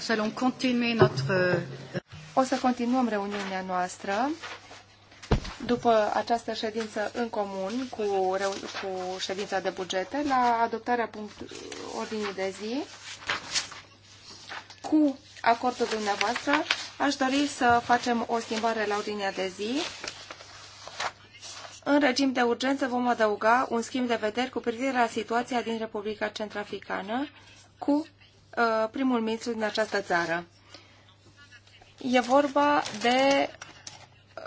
Nous allons continuer notre... Euh, o să continuăm reuniunea noastră după această ședință în comun cu, cu ședința de bugete la adoptarea punct, ordinii de zi cu acordul dumneavoastră aș dori să facem o schimbare la ordinea de zi în regim de urgență vom adăuga un schimb de vederi cu privire la situația din Republica Centrafricană cu Uh, primul ministru din această țară. E vorba de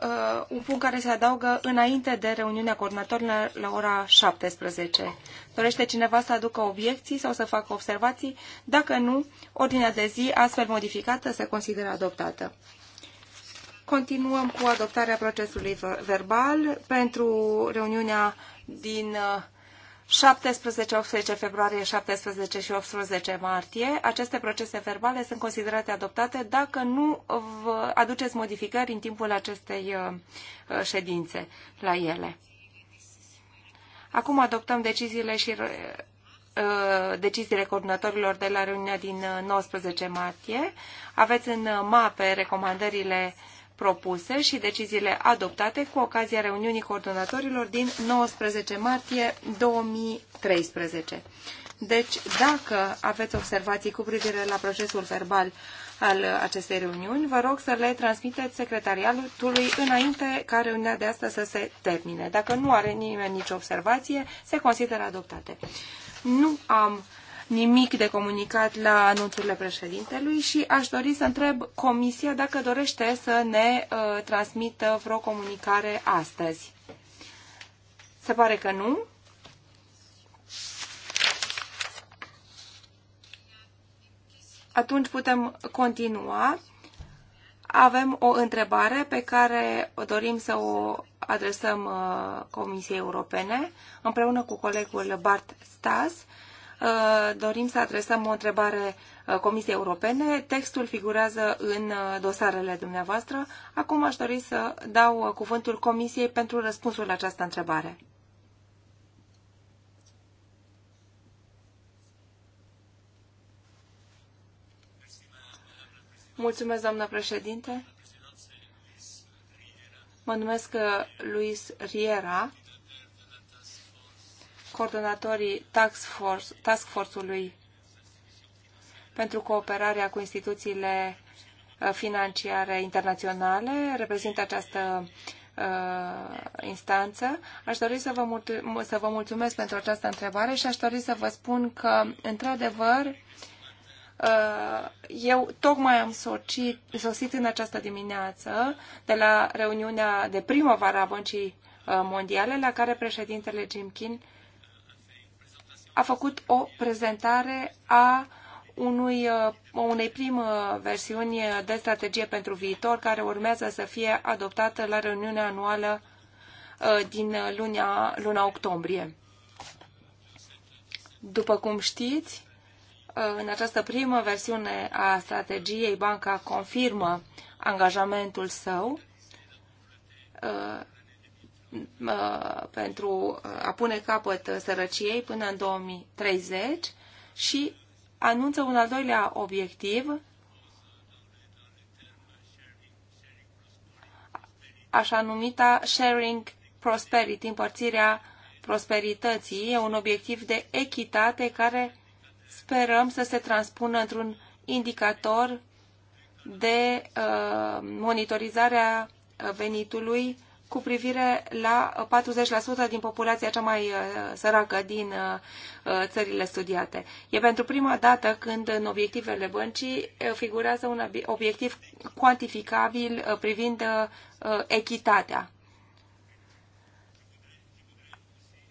uh, un punct care se adaugă înainte de reuniunea coordonatorilor la ora 17. Dorește cineva să aducă obiecții sau să facă observații? Dacă nu, ordinea de zi, astfel modificată, se consideră adoptată. Continuăm cu adoptarea procesului verbal pentru reuniunea din uh, 17-18 februarie, 17 și 18 martie. Aceste procese verbale sunt considerate adoptate dacă nu vă aduceți modificări în timpul acestei uh, uh, ședințe la ele. Acum adoptăm deciziile și uh, deciziile coordonatorilor de la reuniunea din 19 martie. Aveți în mape recomandările uh, propuse și deciziile adoptate cu ocazia reuniunii coordonatorilor din 19 martie 2013. Deci, dacă aveți observații cu privire la procesul verbal al acestei reuniuni, vă rog să le transmiteți secretariatului înainte ca reuniunea de astăzi să se termine. Dacă nu are nimeni nicio observație, se consideră adoptate. Nu am nimic de comunicat la anunțurile președintelui și aș dori să întreb Comisia dacă dorește să ne uh, transmită vreo comunicare astăzi. Se pare că nu. Atunci putem continua. Avem o întrebare pe care dorim să o adresăm uh, Comisiei Europene împreună cu colegul Bart Stas Uh, dorim să adresăm o întrebare uh, Comisiei Europene. Textul figurează în uh, dosarele dumneavoastră. Acum aș dori să dau cuvântul Comisiei pentru răspunsul la această întrebare. Mulțumesc, doamnă președinte. Mă numesc Luis Riera coordonatorii task, force, task force-ului pentru cooperarea cu instituțiile uh, financiare internaționale reprezintă această uh, instanță. Aș dori să vă, mulțumesc, să vă mulțumesc pentru această întrebare și aș dori să vă spun că, într-adevăr, uh, eu tocmai am sosit, sosit în această dimineață de la reuniunea de primăvară a Băncii uh, Mondiale, la care președintele Jim King a făcut o prezentare a unui, uh, unei prime versiuni de strategie pentru viitor care urmează să fie adoptată la reuniunea anuală uh, din luna, luna octombrie. După cum știți, uh, în această primă versiune a strategiei, banca confirmă angajamentul său Uh, pentru a pune capăt sărăciei până în 2030 și anunță un al doilea obiectiv, așa numita Sharing Prosperity, împărțirea prosperității, e un obiectiv de echitate care sperăm să se transpună într-un indicator de uh, monitorizare a venitului cu privire la 40% uh, din populația cea mai uh, săracă din uh, țările studiate. E pentru prima dată când în obiectivele băncii figurează un obiectiv cuantificabil privind echitatea.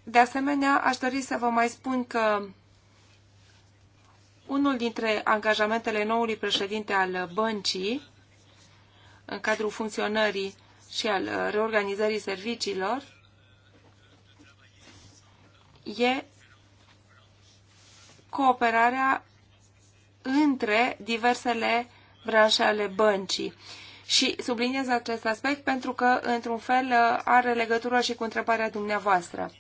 De asemenea, aș dori să vă mai spun că unul dintre angajamentele noului președinte al băncii în cadrul funcționării și al uh, reorganizării serviciilor e cooperarea între diversele branșe ale băncii. Și subliniez acest aspect pentru că, într-un fel, uh, are legătură și cu întrebarea dumneavoastră.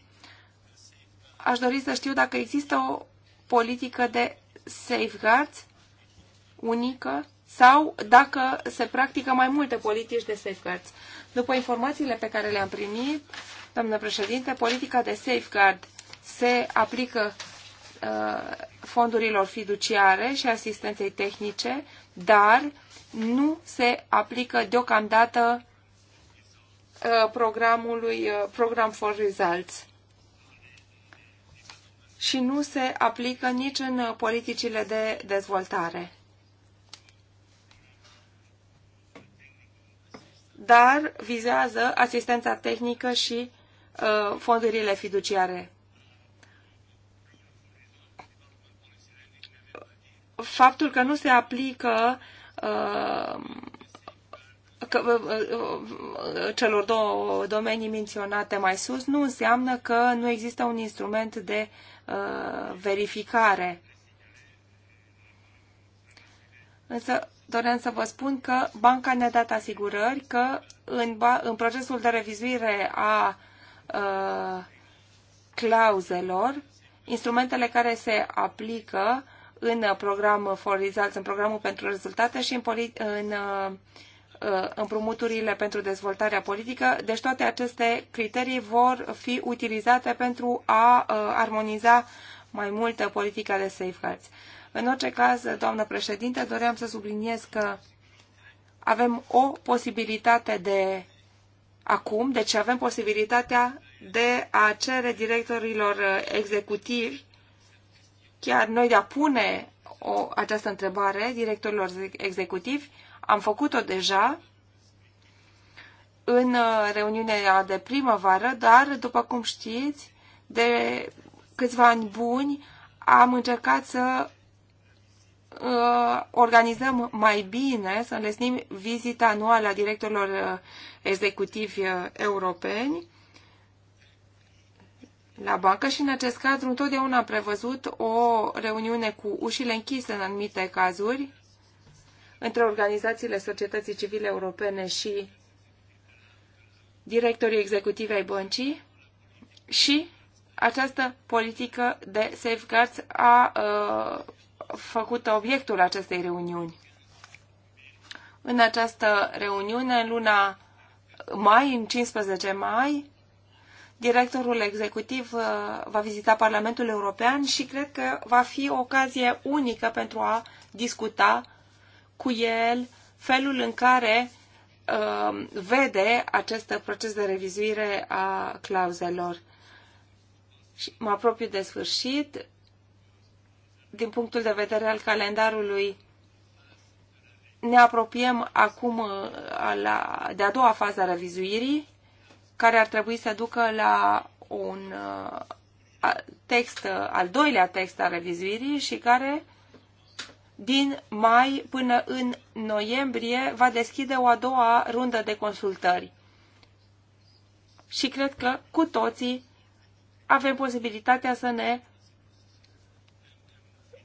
Aș dori să știu dacă există o politică de safeguards unică sau dacă se practică mai multe politici de safeguards. După informațiile pe care le-am primit, doamnă președinte, politica de safeguard se aplică uh, fondurilor fiduciare și asistenței tehnice, dar nu se aplică deocamdată uh, programului uh, Program for Results și nu se aplică nici în politicile de dezvoltare. dar vizează asistența tehnică și uh, fondurile fiduciare. Faptul că nu se aplică uh, că, uh, uh, celor două domenii menționate mai sus nu înseamnă că nu există un instrument de uh, verificare. Însă doream să vă spun că banca ne-a dat asigurări că în, în procesul de revizuire a uh, clauzelor, instrumentele care se aplică în program for results, în programul pentru rezultate și în, în uh, uh, împrumuturile pentru dezvoltarea politică. Deci toate aceste criterii vor fi utilizate pentru a uh, armoniza mai multă politică de safeguards. În orice caz, doamnă președinte, doream să subliniez că avem o posibilitate de acum, deci avem posibilitatea de a cere directorilor executivi, chiar noi de a pune o, această întrebare directorilor executivi, am făcut-o deja în uh, reuniunea de primăvară, dar, după cum știți, de câțiva ani buni am încercat să uh, organizăm mai bine, să înlesnim vizita anuală a directorilor uh, executivi uh, europeni la bancă și în acest cadru întotdeauna am prevăzut o reuniune cu ușile închise în anumite cazuri între organizațiile societății civile europene și directorii executivi ai băncii și această politică de safeguards a uh, făcut obiectul acestei reuniuni. În această reuniune, în luna mai, în 15 mai, directorul executiv uh, va vizita Parlamentul European și cred că va fi o ocazie unică pentru a discuta cu el felul în care uh, vede acest proces de revizuire a clauzelor și mă apropiu de sfârșit. Din punctul de vedere al calendarului, ne apropiem acum uh, la, de a doua fază a revizuirii, care ar trebui să ducă la un uh, text, uh, al doilea text al revizuirii și care din mai până în noiembrie va deschide o a doua rundă de consultări. Și cred că cu toții avem posibilitatea să ne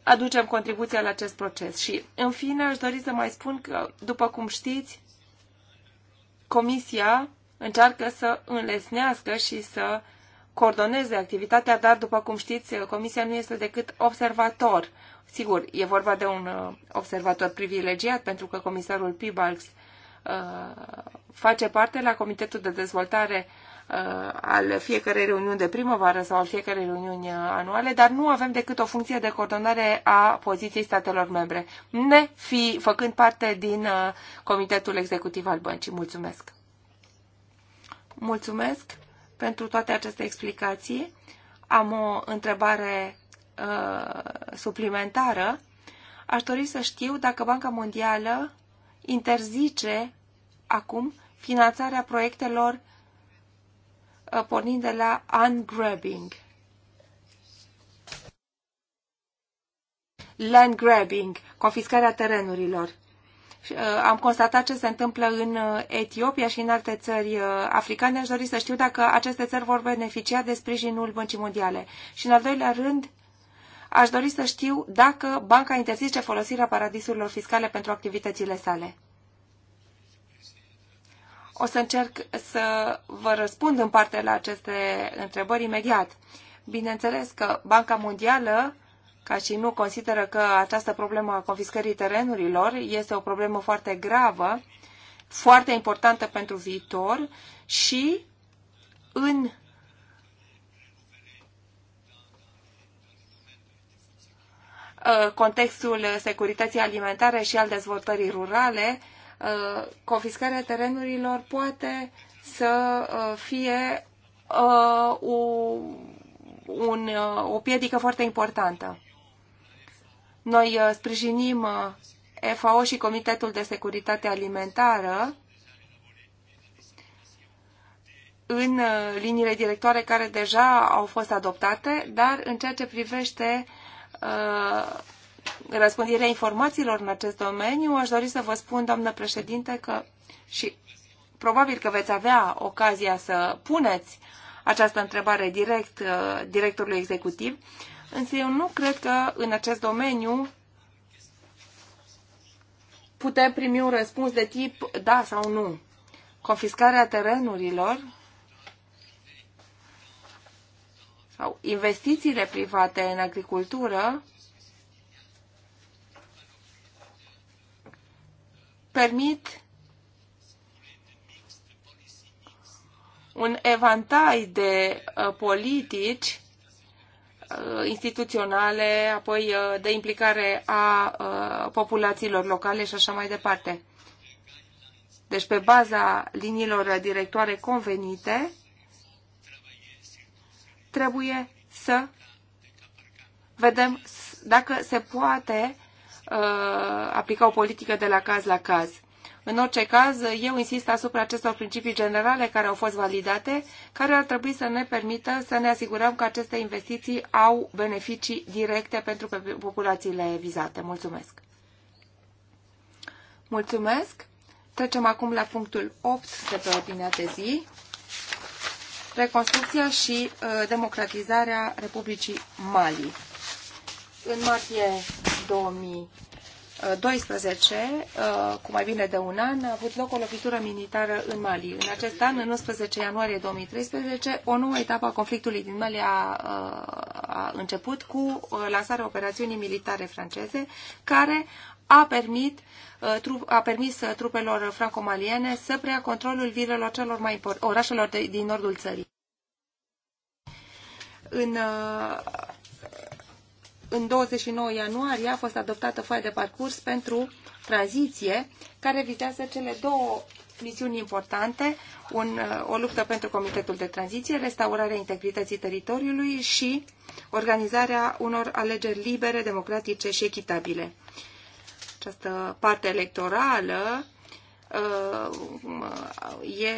aducem contribuția la acest proces. Și, în fine, aș dori să mai spun că, după cum știți, Comisia încearcă să înlesnească și să coordoneze activitatea, dar, după cum știți, Comisia nu este decât observator. Sigur, e vorba de un uh, observator privilegiat, pentru că comisarul Pibalx uh, face parte la Comitetul de Dezvoltare Uh, al fiecărei reuniuni de primăvară sau al fiecărei reuniuni anuale, dar nu avem decât o funcție de coordonare a poziției statelor membre, ne fi făcând parte din uh, Comitetul Executiv al Băncii. Mulțumesc! Mulțumesc pentru toate aceste explicații. Am o întrebare uh, suplimentară. Aș dori să știu dacă Banca Mondială interzice acum finanțarea proiectelor Uh, pornind de la ungrabbing. Land grabbing, confiscarea terenurilor. Uh, am constatat ce se întâmplă în uh, Etiopia și în alte țări africane. Aș dori să știu dacă aceste țări vor beneficia de sprijinul Băncii Mondiale. Și în al doilea rând, aș dori să știu dacă banca interzice folosirea paradisurilor fiscale pentru activitățile sale. O să încerc să vă răspund în parte la aceste întrebări imediat. Bineînțeles că Banca Mondială ca și nu consideră că această problemă a confiscării terenurilor este o problemă foarte gravă, foarte importantă pentru viitor și în contextul securității alimentare și al dezvoltării rurale, Uh, confiscarea terenurilor poate să uh, fie o uh, un, o piedică foarte importantă. Noi sprijinim FAO și Comitetul de Securitate Alimentară în liniile directoare care deja au fost adoptate, dar în ceea ce privește uh, răspândirea informațiilor în acest domeniu, aș dori să vă spun, doamnă președinte, că și probabil că veți avea ocazia să puneți această întrebare direct uh, directorului executiv, însă eu nu cred că în acest domeniu putem primi un răspuns de tip da sau nu. Confiscarea terenurilor sau investițiile private în agricultură permit un evantai de uh, politici uh, instituționale, apoi uh, de implicare a populațiilor locale și așa mai departe. Deci, pe baza liniilor directoare convenite, trebuie să vedem dacă se poate Uh, aplica o politică de la caz la caz. În orice caz, eu insist asupra acestor principii generale care au fost validate, care ar trebui să ne permită să ne asigurăm că aceste investiții au beneficii directe pentru populațiile vizate. Mulțumesc! Mulțumesc! Trecem acum la punctul 8 de pe ordinea de zi, reconstrucția și uh, democratizarea Republicii Mali. În martie 2012, uh, cu mai bine de un an, a avut loc o lovitură militară în Mali. În acest an, în 11 ianuarie 2013, o nouă etapă a conflictului din Mali a, uh, a început cu uh, lansarea operațiunii militare franceze, care a permis a permis trupelor franco-maliene să preia controlul vilelor celor mai orașelor de, din nordul țării. În în 29 ianuarie a fost adoptată foaia de parcurs pentru tranziție, care vizează cele două misiuni importante, un, o luptă pentru Comitetul de Tranziție, restaurarea integrității teritoriului și organizarea unor alegeri libere, democratice și echitabile. Această parte electorală uh,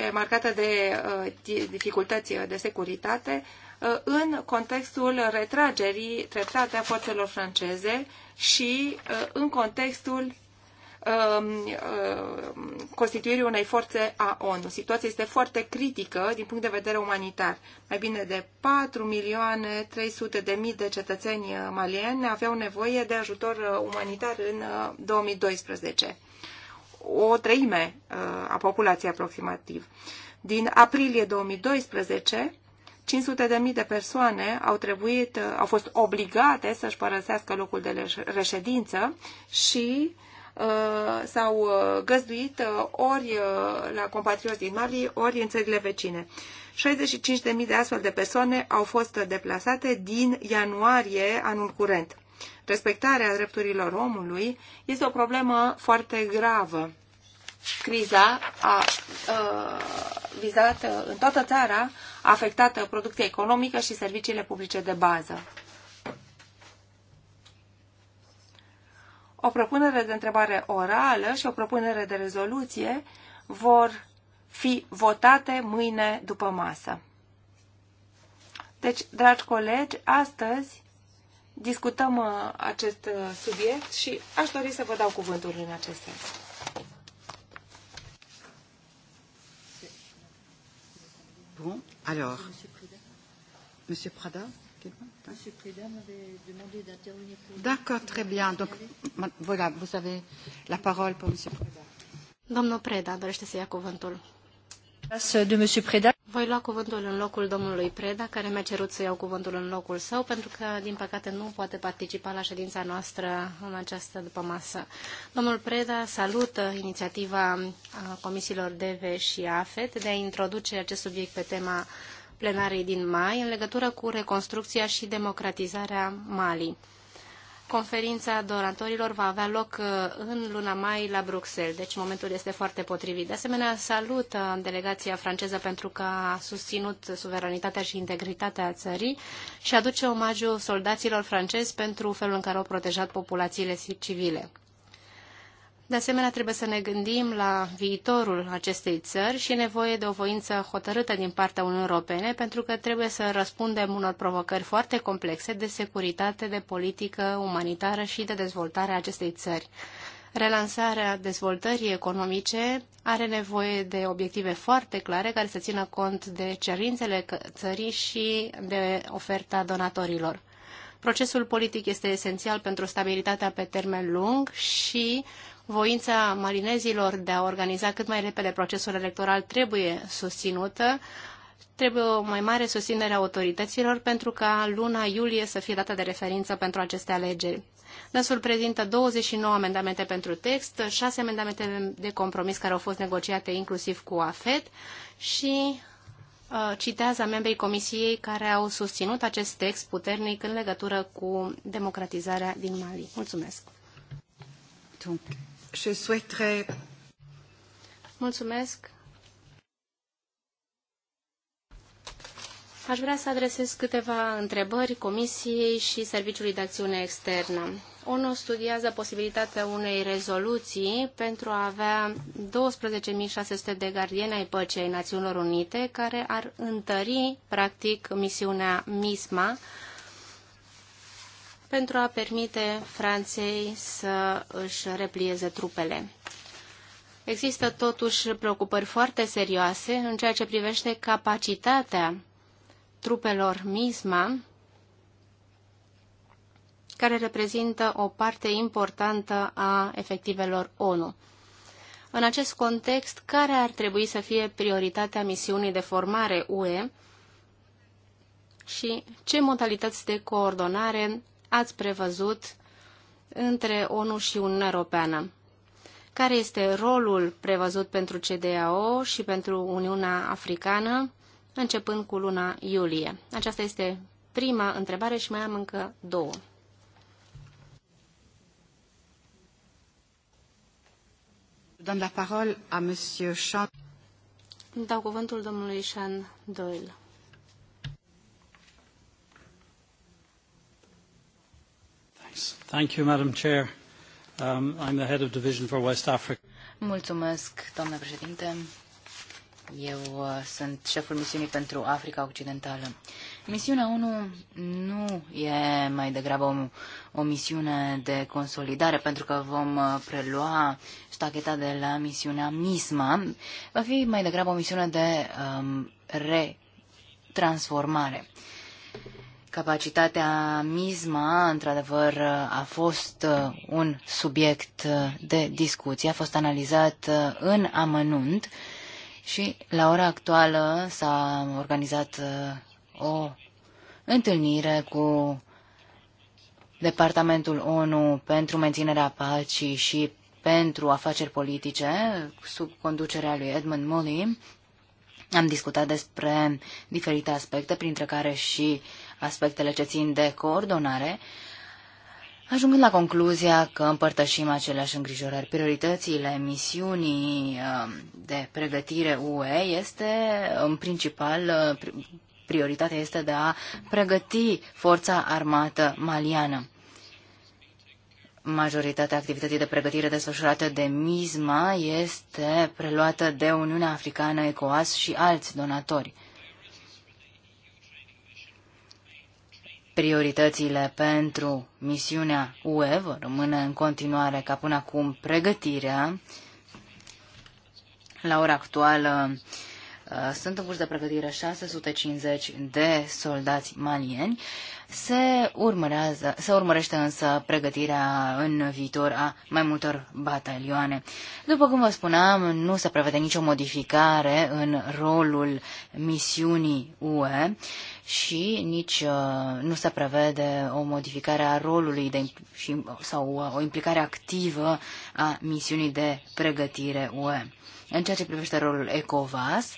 e marcată de uh, dificultăți de securitate, Uh, în contextul retragerii treptate a forțelor franceze și uh, în contextul um, uh, constituirii unei forțe a ONU. Situația este foarte critică din punct de vedere umanitar. Mai bine de 4 milioane 300 de mii de cetățeni malieni aveau nevoie de ajutor umanitar în 2012. O treime a populației aproximativ. Din aprilie 2012, 500.000 de persoane au trebuit, au fost obligate să-și părăsească locul de reședință și uh, s-au uh, găzduit uh, ori la compatrioți din Mali, ori în țările vecine. 65.000 de astfel de persoane au fost deplasate din ianuarie anul curent. Respectarea drepturilor omului este o problemă foarte gravă. Criza a, a vizat în toată țara afectată producția economică și serviciile publice de bază. O propunere de întrebare orală și o propunere de rezoluție vor fi votate mâine după masă. Deci, dragi colegi, astăzi discutăm uh, acest uh, subiect și aș dori să vă dau cuvântul în acest sens. Alors, Monsieur Prada Monsieur Prada m'avait demandé d'intervenir. D'accord, très bien. Donc, voilà, vous avez la parole pour Monsieur Prada. Domnul Preda dorește să ia cuvântul. De Monsieur Preda. Voi lua cuvântul în locul domnului Preda, care mi-a cerut să iau cuvântul în locul său, pentru că, din păcate, nu poate participa la ședința noastră în această după masă. Domnul Preda salută inițiativa comisiilor DV și AFET de a introduce acest subiect pe tema plenarei din mai în legătură cu reconstrucția și democratizarea Mali. Conferința donatorilor va avea loc uh, în luna mai la Bruxelles, deci momentul este foarte potrivit. De asemenea, salut uh, delegația franceză pentru că a susținut suveranitatea și integritatea țării și aduce omagiu soldaților francezi pentru felul în care au protejat populațiile civile. De asemenea, trebuie să ne gândim la viitorul acestei țări și nevoie de o voință hotărâtă din partea Uniunii Europene, pentru că trebuie să răspundem unor provocări foarte complexe de securitate, de politică umanitară și de dezvoltare a acestei țări. Relansarea dezvoltării economice are nevoie de obiective foarte clare care să țină cont de cerințele țării și de oferta donatorilor. Procesul politic este esențial pentru stabilitatea pe termen lung și voința marinezilor de a organiza cât mai repede procesul electoral trebuie susținută, trebuie o mai mare susținere a autorităților pentru ca luna iulie să fie data de referință pentru aceste alegeri. Năsul prezintă 29 amendamente pentru text, 6 amendamente de compromis care au fost negociate inclusiv cu AFET și uh, citează membrii comisiei care au susținut acest text puternic în legătură cu democratizarea din Mali. Mulțumesc! Donc. Je souhaiterais... Mulțumesc. Aș vrea să adresez câteva întrebări Comisiei și Serviciului de Acțiune Externă. ONU studiază posibilitatea unei rezoluții pentru a avea 12.600 de gardieni ai păcii ai Națiunilor Unite care ar întări, practic, misiunea MISMA, pentru a permite Franței să își replieze trupele. Există totuși preocupări foarte serioase în ceea ce privește capacitatea trupelor MISMA, care reprezintă o parte importantă a efectivelor ONU. În acest context, care ar trebui să fie prioritatea misiunii de formare UE și ce modalități de coordonare ați prevăzut între ONU și Uniunea Europeană? Care este rolul prevăzut pentru CDAO și pentru Uniunea Africană, începând cu luna iulie? Aceasta este prima întrebare și mai am încă două. Dau cuvântul domnului Sean Doyle. Thank you, Madam Chair. Um, I'm the head of division for West Africa. Mulțumesc, doamnă președinte. Eu uh, sunt șeful misiunii pentru Africa Occidentală. Misiunea 1 nu e mai degrabă o, o misiune de consolidare, pentru că vom uh, prelua stacheta de la misiunea MISMA. Va fi mai degrabă o misiune de um, retransformare. Uh, Capacitatea misma, într-adevăr, a fost uh, un subiect uh, de discuție, a fost analizat uh, în amănunt și la ora actuală s-a organizat o întâlnire cu Departamentul ONU pentru menținerea pacii și pentru afaceri politice, sub conducerea lui Edmund Mully. Am discutat despre diferite aspecte, printre care și aspectele ce țin de coordonare, ajungând la concluzia că împărtășim aceleași îngrijorări. Prioritățile misiunii um, de pregătire UE este în principal uh, prioritatea este de a pregăti forța armată maliană. Majoritatea activității de pregătire desfășurată de MISMA este preluată de Uniunea Africană, ECOAS și alți donatori. Prioritățile pentru misiunea UE rămâne în continuare ca până acum pregătirea. La ora actuală Uh, sunt în curs de pregătire 650 de soldați malieni. Se, urmărează, se urmărește însă pregătirea în viitor a mai multor batalioane. După cum vă spuneam, nu se prevede nicio modificare în rolul misiunii UE și nici uh, nu se prevede o modificare a rolului de, și, sau uh, o implicare activă a misiunii de pregătire UE. În ceea ce privește rolul ECOVAS, uh,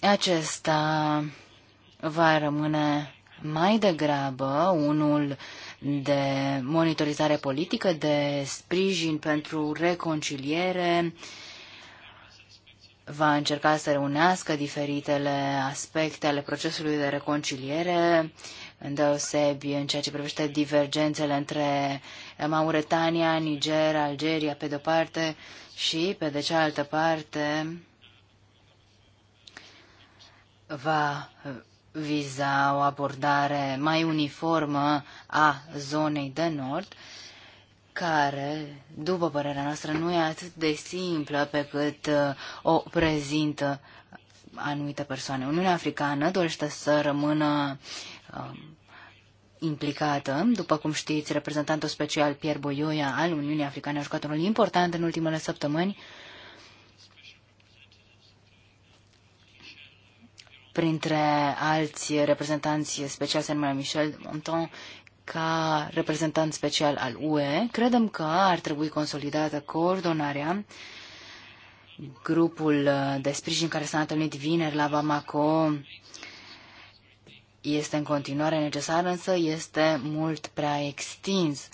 acesta va rămâne mai degrabă unul de monitorizare politică, de sprijin pentru reconciliere, va încerca să reunească diferitele aspecte ale procesului de reconciliere, îndeosebi în ceea ce privește divergențele între Mauretania, Niger, Algeria, pe de-o parte, și, pe de cealaltă parte, va viza o abordare mai uniformă a zonei de nord, care, după părerea noastră, nu e atât de simplă pe cât uh, o prezintă anumite persoane. Uniunea Africană dorește să rămână um, implicată. După cum știți, reprezentantul special Pierre Boioia al Uniunii Africane a jucat un rol important în ultimele săptămâni printre alți reprezentanți speciali se numea Michel Monton, ca reprezentant special al UE, credem că ar trebui consolidată coordonarea grupul de sprijin care s-a întâlnit vineri la Bamako este în continuare necesar, însă este mult prea extins.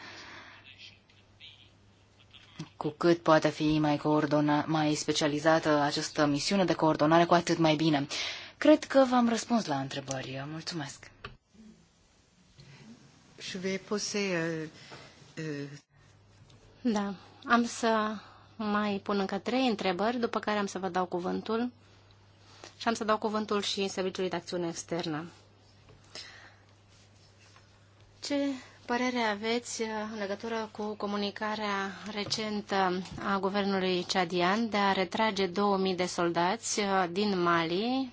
Cu cât poate fi mai, coordona, mai specializată această misiune de coordonare, cu atât mai bine. Cred că v-am răspuns la întrebări. Mulțumesc. Uh, uh, da, am să mai pun încă trei întrebări, după care am să vă dau cuvântul și am să dau cuvântul și Serviciului de Acțiune Externă. Ce părere aveți uh, în legătură cu comunicarea recentă a guvernului ceadian de a retrage 2000 de soldați din Mali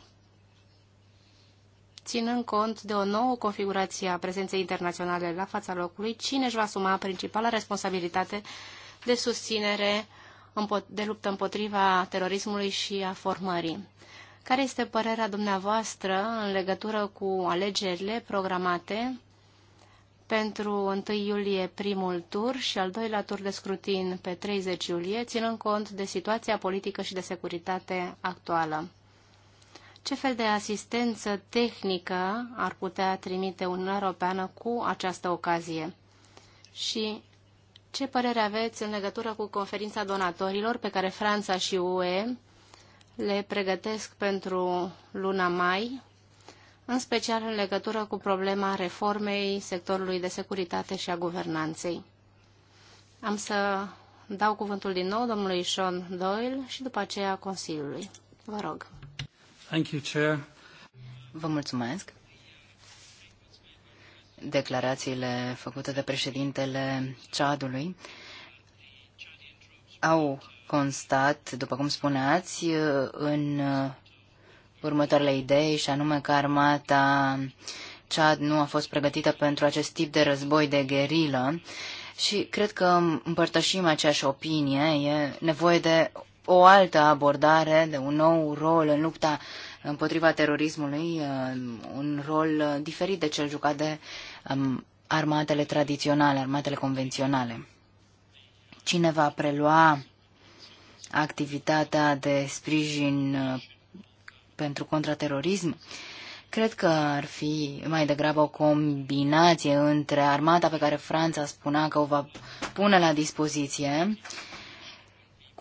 ținând cont de o nouă configurație a prezenței internaționale la fața locului, cine își va asuma principala responsabilitate de susținere de luptă împotriva terorismului și a formării. Care este părerea dumneavoastră în legătură cu alegerile programate pentru 1 iulie primul tur și al doilea tur de scrutin pe 30 iulie, ținând cont de situația politică și de securitate actuală? Ce fel de asistență tehnică ar putea trimite Uniunea Europeană cu această ocazie? Și ce părere aveți în legătură cu conferința donatorilor pe care Franța și UE le pregătesc pentru luna mai, în special în legătură cu problema reformei sectorului de securitate și a guvernanței? Am să dau cuvântul din nou domnului Sean Doyle și după aceea Consiliului. Vă rog. Thank you, Chair. Vă mulțumesc. Declarațiile făcute de președintele Chadului au constat, după cum spuneați, în următoarele idei, și anume că armata Chad nu a fost pregătită pentru acest tip de război de gerilă și cred că împărtășim aceeași opinie. E nevoie de o altă abordare, de un nou rol în lupta împotriva terorismului, uh, un rol uh, diferit de cel jucat de um, armatele tradiționale, armatele convenționale. Cine va prelua activitatea de sprijin uh, pentru contraterorism? Cred că ar fi mai degrabă o combinație între armata pe care Franța spunea că o va pune la dispoziție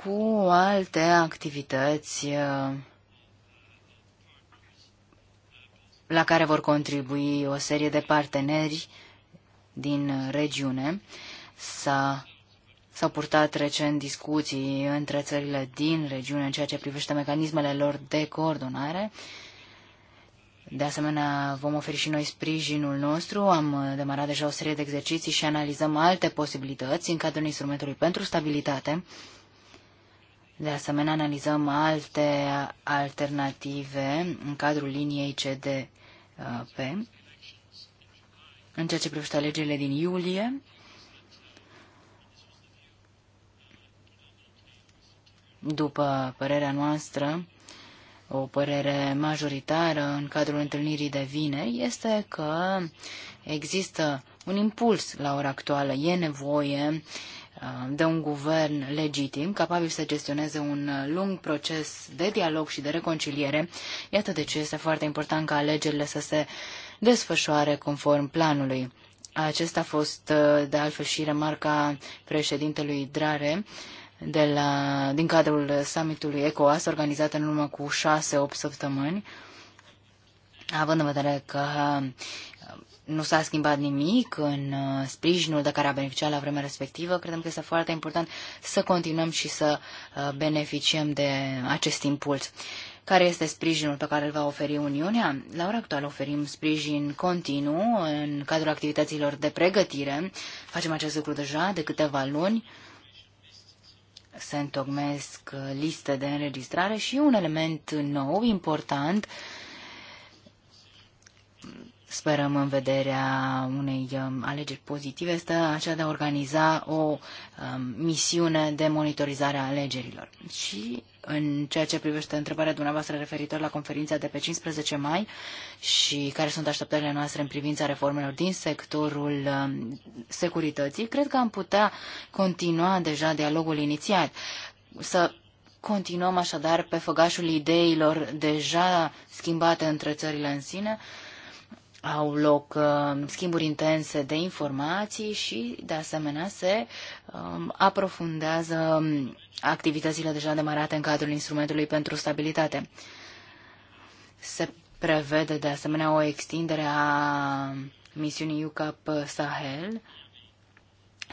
cu alte activități uh, la care vor contribui o serie de parteneri din regiune. s au purtat recent discuții între țările din regiune în ceea ce privește mecanismele lor de coordonare. De asemenea, vom oferi și noi sprijinul nostru. Am demarat deja o serie de exerciții și analizăm alte posibilități în cadrul instrumentului pentru stabilitate. De asemenea, analizăm alte alternative în cadrul liniei CDP. Uh, în ceea ce privește alegerile din iulie, după părerea noastră, o părere majoritară în cadrul întâlnirii de vineri este că există un impuls la ora actuală. E nevoie uh, de un guvern legitim, capabil să gestioneze un uh, lung proces de dialog și de reconciliere. Iată de ce este foarte important ca alegerile să se desfășoare conform planului. Acesta a fost, uh, de altfel, și remarca președintelui Drare de la, din cadrul summitului ECOAS, organizat în urmă cu 6-8 săptămâni, având în vedere că nu s-a schimbat nimic în uh, sprijinul de care a beneficiat la vremea respectivă, credem că este foarte important să continuăm și să uh, beneficiem de acest impuls. Care este sprijinul pe care îl va oferi Uniunea? La ora actuală oferim sprijin continuu în cadrul activităților de pregătire. Facem acest lucru deja de câteva luni. Se întocmesc uh, liste de înregistrare și un element nou, important, sperăm în vederea unei um, alegeri pozitive, este aceea de a organiza o um, misiune de monitorizare a alegerilor. Și în ceea ce privește întrebarea dumneavoastră referitor la conferința de pe 15 mai și care sunt așteptările noastre în privința reformelor din sectorul um, securității, cred că am putea continua deja dialogul inițiat. Să continuăm așadar pe făgașul ideilor deja schimbate între țările în sine, au loc uh, schimburi intense de informații și, de asemenea, se um, aprofundează um, activitățile deja demarate în cadrul instrumentului pentru stabilitate. Se prevede, de asemenea, o extindere a misiunii UCAP Sahel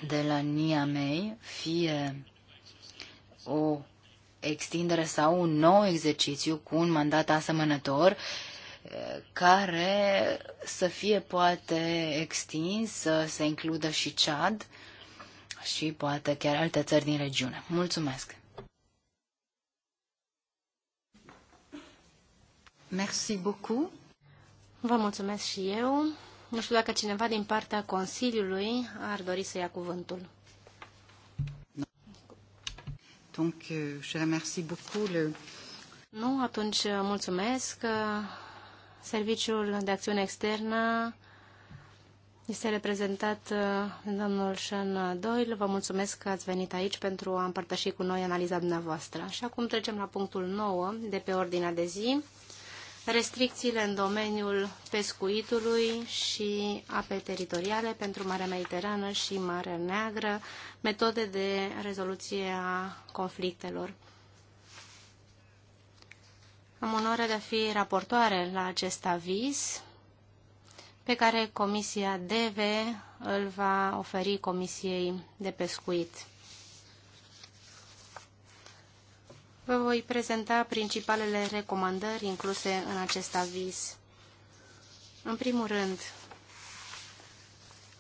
de la Niamey, fie o extindere sau un nou exercițiu cu un mandat asemănător care să fie poate extins, să se includă și Chad și poate chiar alte țări din regiune. Mulțumesc! Merci beaucoup. Vă mulțumesc și eu. Nu știu dacă cineva din partea Consiliului ar dori să ia cuvântul. Donc, euh, je remercie beaucoup le... Nu, atunci mulțumesc. Serviciul de acțiune externă este reprezentat uh, domnul Sean Doyle. Vă mulțumesc că ați venit aici pentru a împărtăși cu noi analiza dumneavoastră. Și acum trecem la punctul 9 de pe ordinea de zi. Restricțiile în domeniul pescuitului și ape teritoriale pentru Marea Mediterană și Marea Neagră, metode de rezoluție a conflictelor. Am onoarea de a fi raportoare la acest aviz pe care Comisia DV îl va oferi Comisiei de Pescuit. Vă voi prezenta principalele recomandări incluse în acest aviz. În primul rând,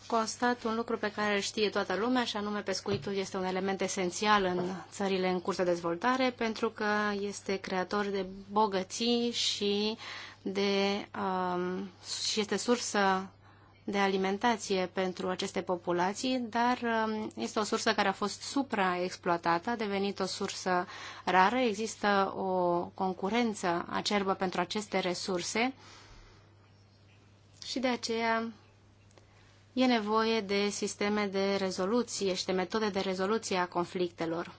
constat un lucru pe care îl știe toată lumea, și anume pescuitul este un element esențial în țările în curs de dezvoltare, pentru că este creator de bogății și, de, um, și este sursă de alimentație pentru aceste populații, dar um, este o sursă care a fost supraexploatată, a devenit o sursă rară, există o concurență acerbă pentru aceste resurse și de aceea e nevoie de sisteme de rezoluție și de metode de rezoluție a conflictelor.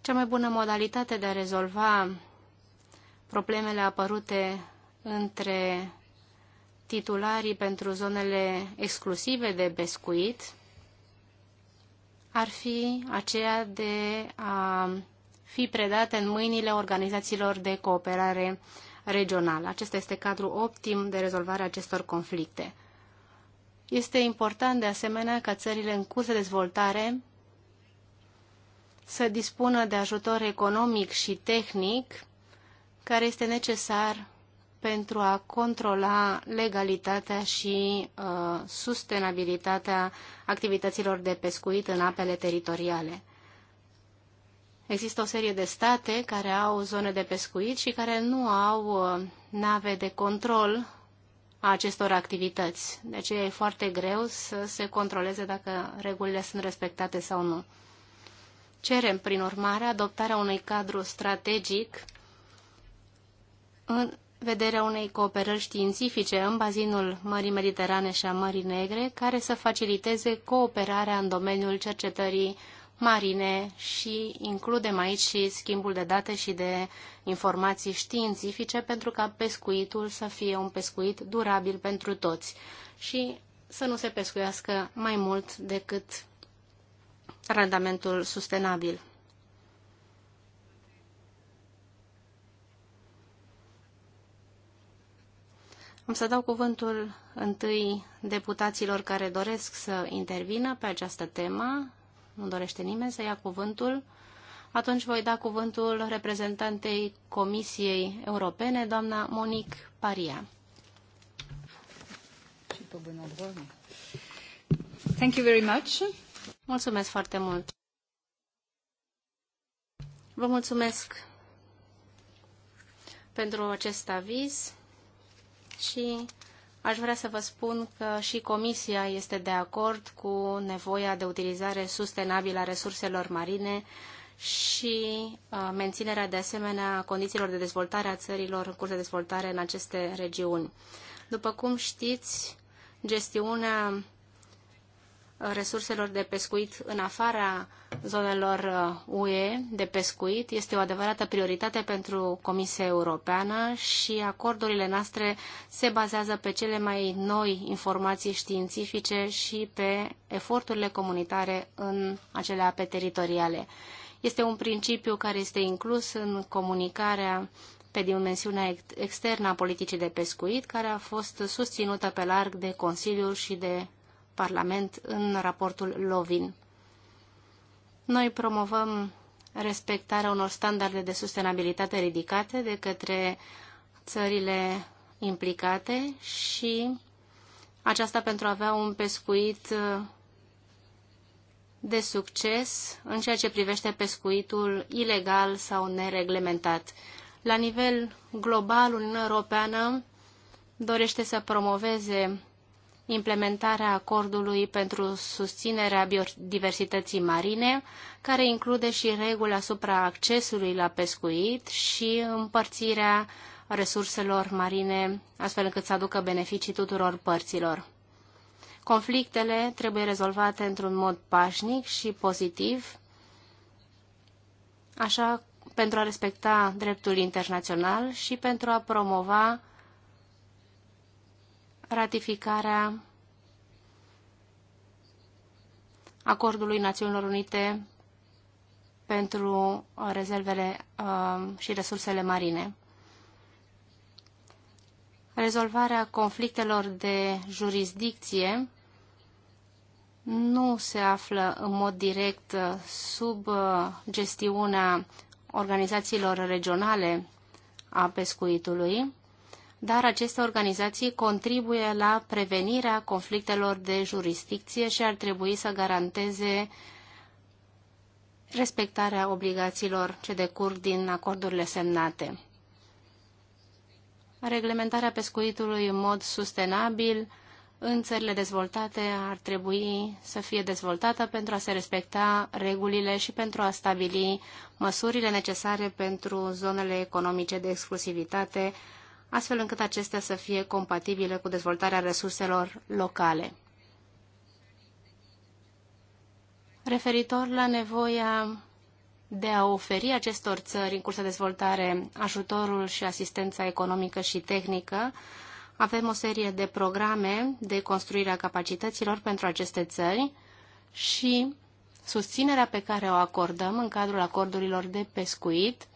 Cea mai bună modalitate de a rezolva problemele apărute între titularii pentru zonele exclusive de pescuit ar fi aceea de a fi predate în mâinile organizațiilor de cooperare uh, regional. Acesta este cadrul optim de rezolvare a acestor conflicte. Este important de asemenea ca țările în curs de dezvoltare să dispună de ajutor economic și tehnic care este necesar pentru a controla legalitatea și uh, sustenabilitatea activităților de pescuit în apele teritoriale. Există o serie de state care au zone de pescuit și care nu au uh, nave de control a acestor activități. De deci aceea e foarte greu să se controleze dacă regulile sunt respectate sau nu. Cerem, prin urmare, adoptarea unui cadru strategic în vederea unei cooperări științifice în bazinul Mării Mediterane și a Mării Negre, care să faciliteze cooperarea în domeniul cercetării marine și includem aici și schimbul de date și de informații științifice pentru ca pescuitul să fie un pescuit durabil pentru toți și să nu se pescuiască mai mult decât randamentul sustenabil. Am să dau cuvântul întâi deputaților care doresc să intervină pe această temă, nu dorește nimeni să ia cuvântul. Atunci voi da cuvântul reprezentantei Comisiei Europene, doamna Monique Paria. Thank you very much. Mulțumesc foarte mult. Vă mulțumesc pentru acest aviz și Aș vrea să vă spun că și Comisia este de acord cu nevoia de utilizare sustenabilă a resurselor marine și uh, menținerea de asemenea condițiilor de dezvoltare a țărilor în curs de dezvoltare în aceste regiuni. După cum știți, gestiunea resurselor de pescuit în afara zonelor UE uh, de pescuit este o adevărată prioritate pentru Comisia Europeană și acordurile noastre se bazează pe cele mai noi informații științifice și pe eforturile comunitare în acele ape teritoriale. Este un principiu care este inclus în comunicarea pe dimensiunea externă a politicii de pescuit, care a fost susținută pe larg de Consiliul și de Parlament în raportul Lovin. Noi promovăm respectarea unor standarde de sustenabilitate ridicate de către țările implicate și aceasta pentru a avea un pescuit uh, de succes în ceea ce privește pescuitul ilegal sau nereglementat. La nivel global, Uniunea Europeană dorește să promoveze implementarea acordului pentru susținerea biodiversității marine, care include și reguli asupra accesului la pescuit și împărțirea resurselor marine, astfel încât să aducă beneficii tuturor părților. Conflictele trebuie rezolvate într-un mod pașnic și pozitiv, așa pentru a respecta dreptul internațional și pentru a promova ratificarea acordului Națiunilor Unite pentru uh, rezervele uh, și resursele marine. Rezolvarea conflictelor de jurisdicție nu se află în mod direct uh, sub gestiunea organizațiilor regionale a pescuitului, dar aceste organizații contribuie la prevenirea conflictelor de jurisdicție și ar trebui să garanteze respectarea obligațiilor ce decurg din acordurile semnate. Reglementarea pescuitului în mod sustenabil în țările dezvoltate ar trebui să fie dezvoltată pentru a se respecta regulile și pentru a stabili măsurile necesare pentru zonele economice de exclusivitate astfel încât acestea să fie compatibile cu dezvoltarea resurselor locale. Referitor la nevoia de a oferi acestor țări în curs de dezvoltare ajutorul și asistența economică și tehnică, avem o serie de programe de construire a capacităților pentru aceste țări și susținerea pe care o acordăm în cadrul acordurilor de pescuit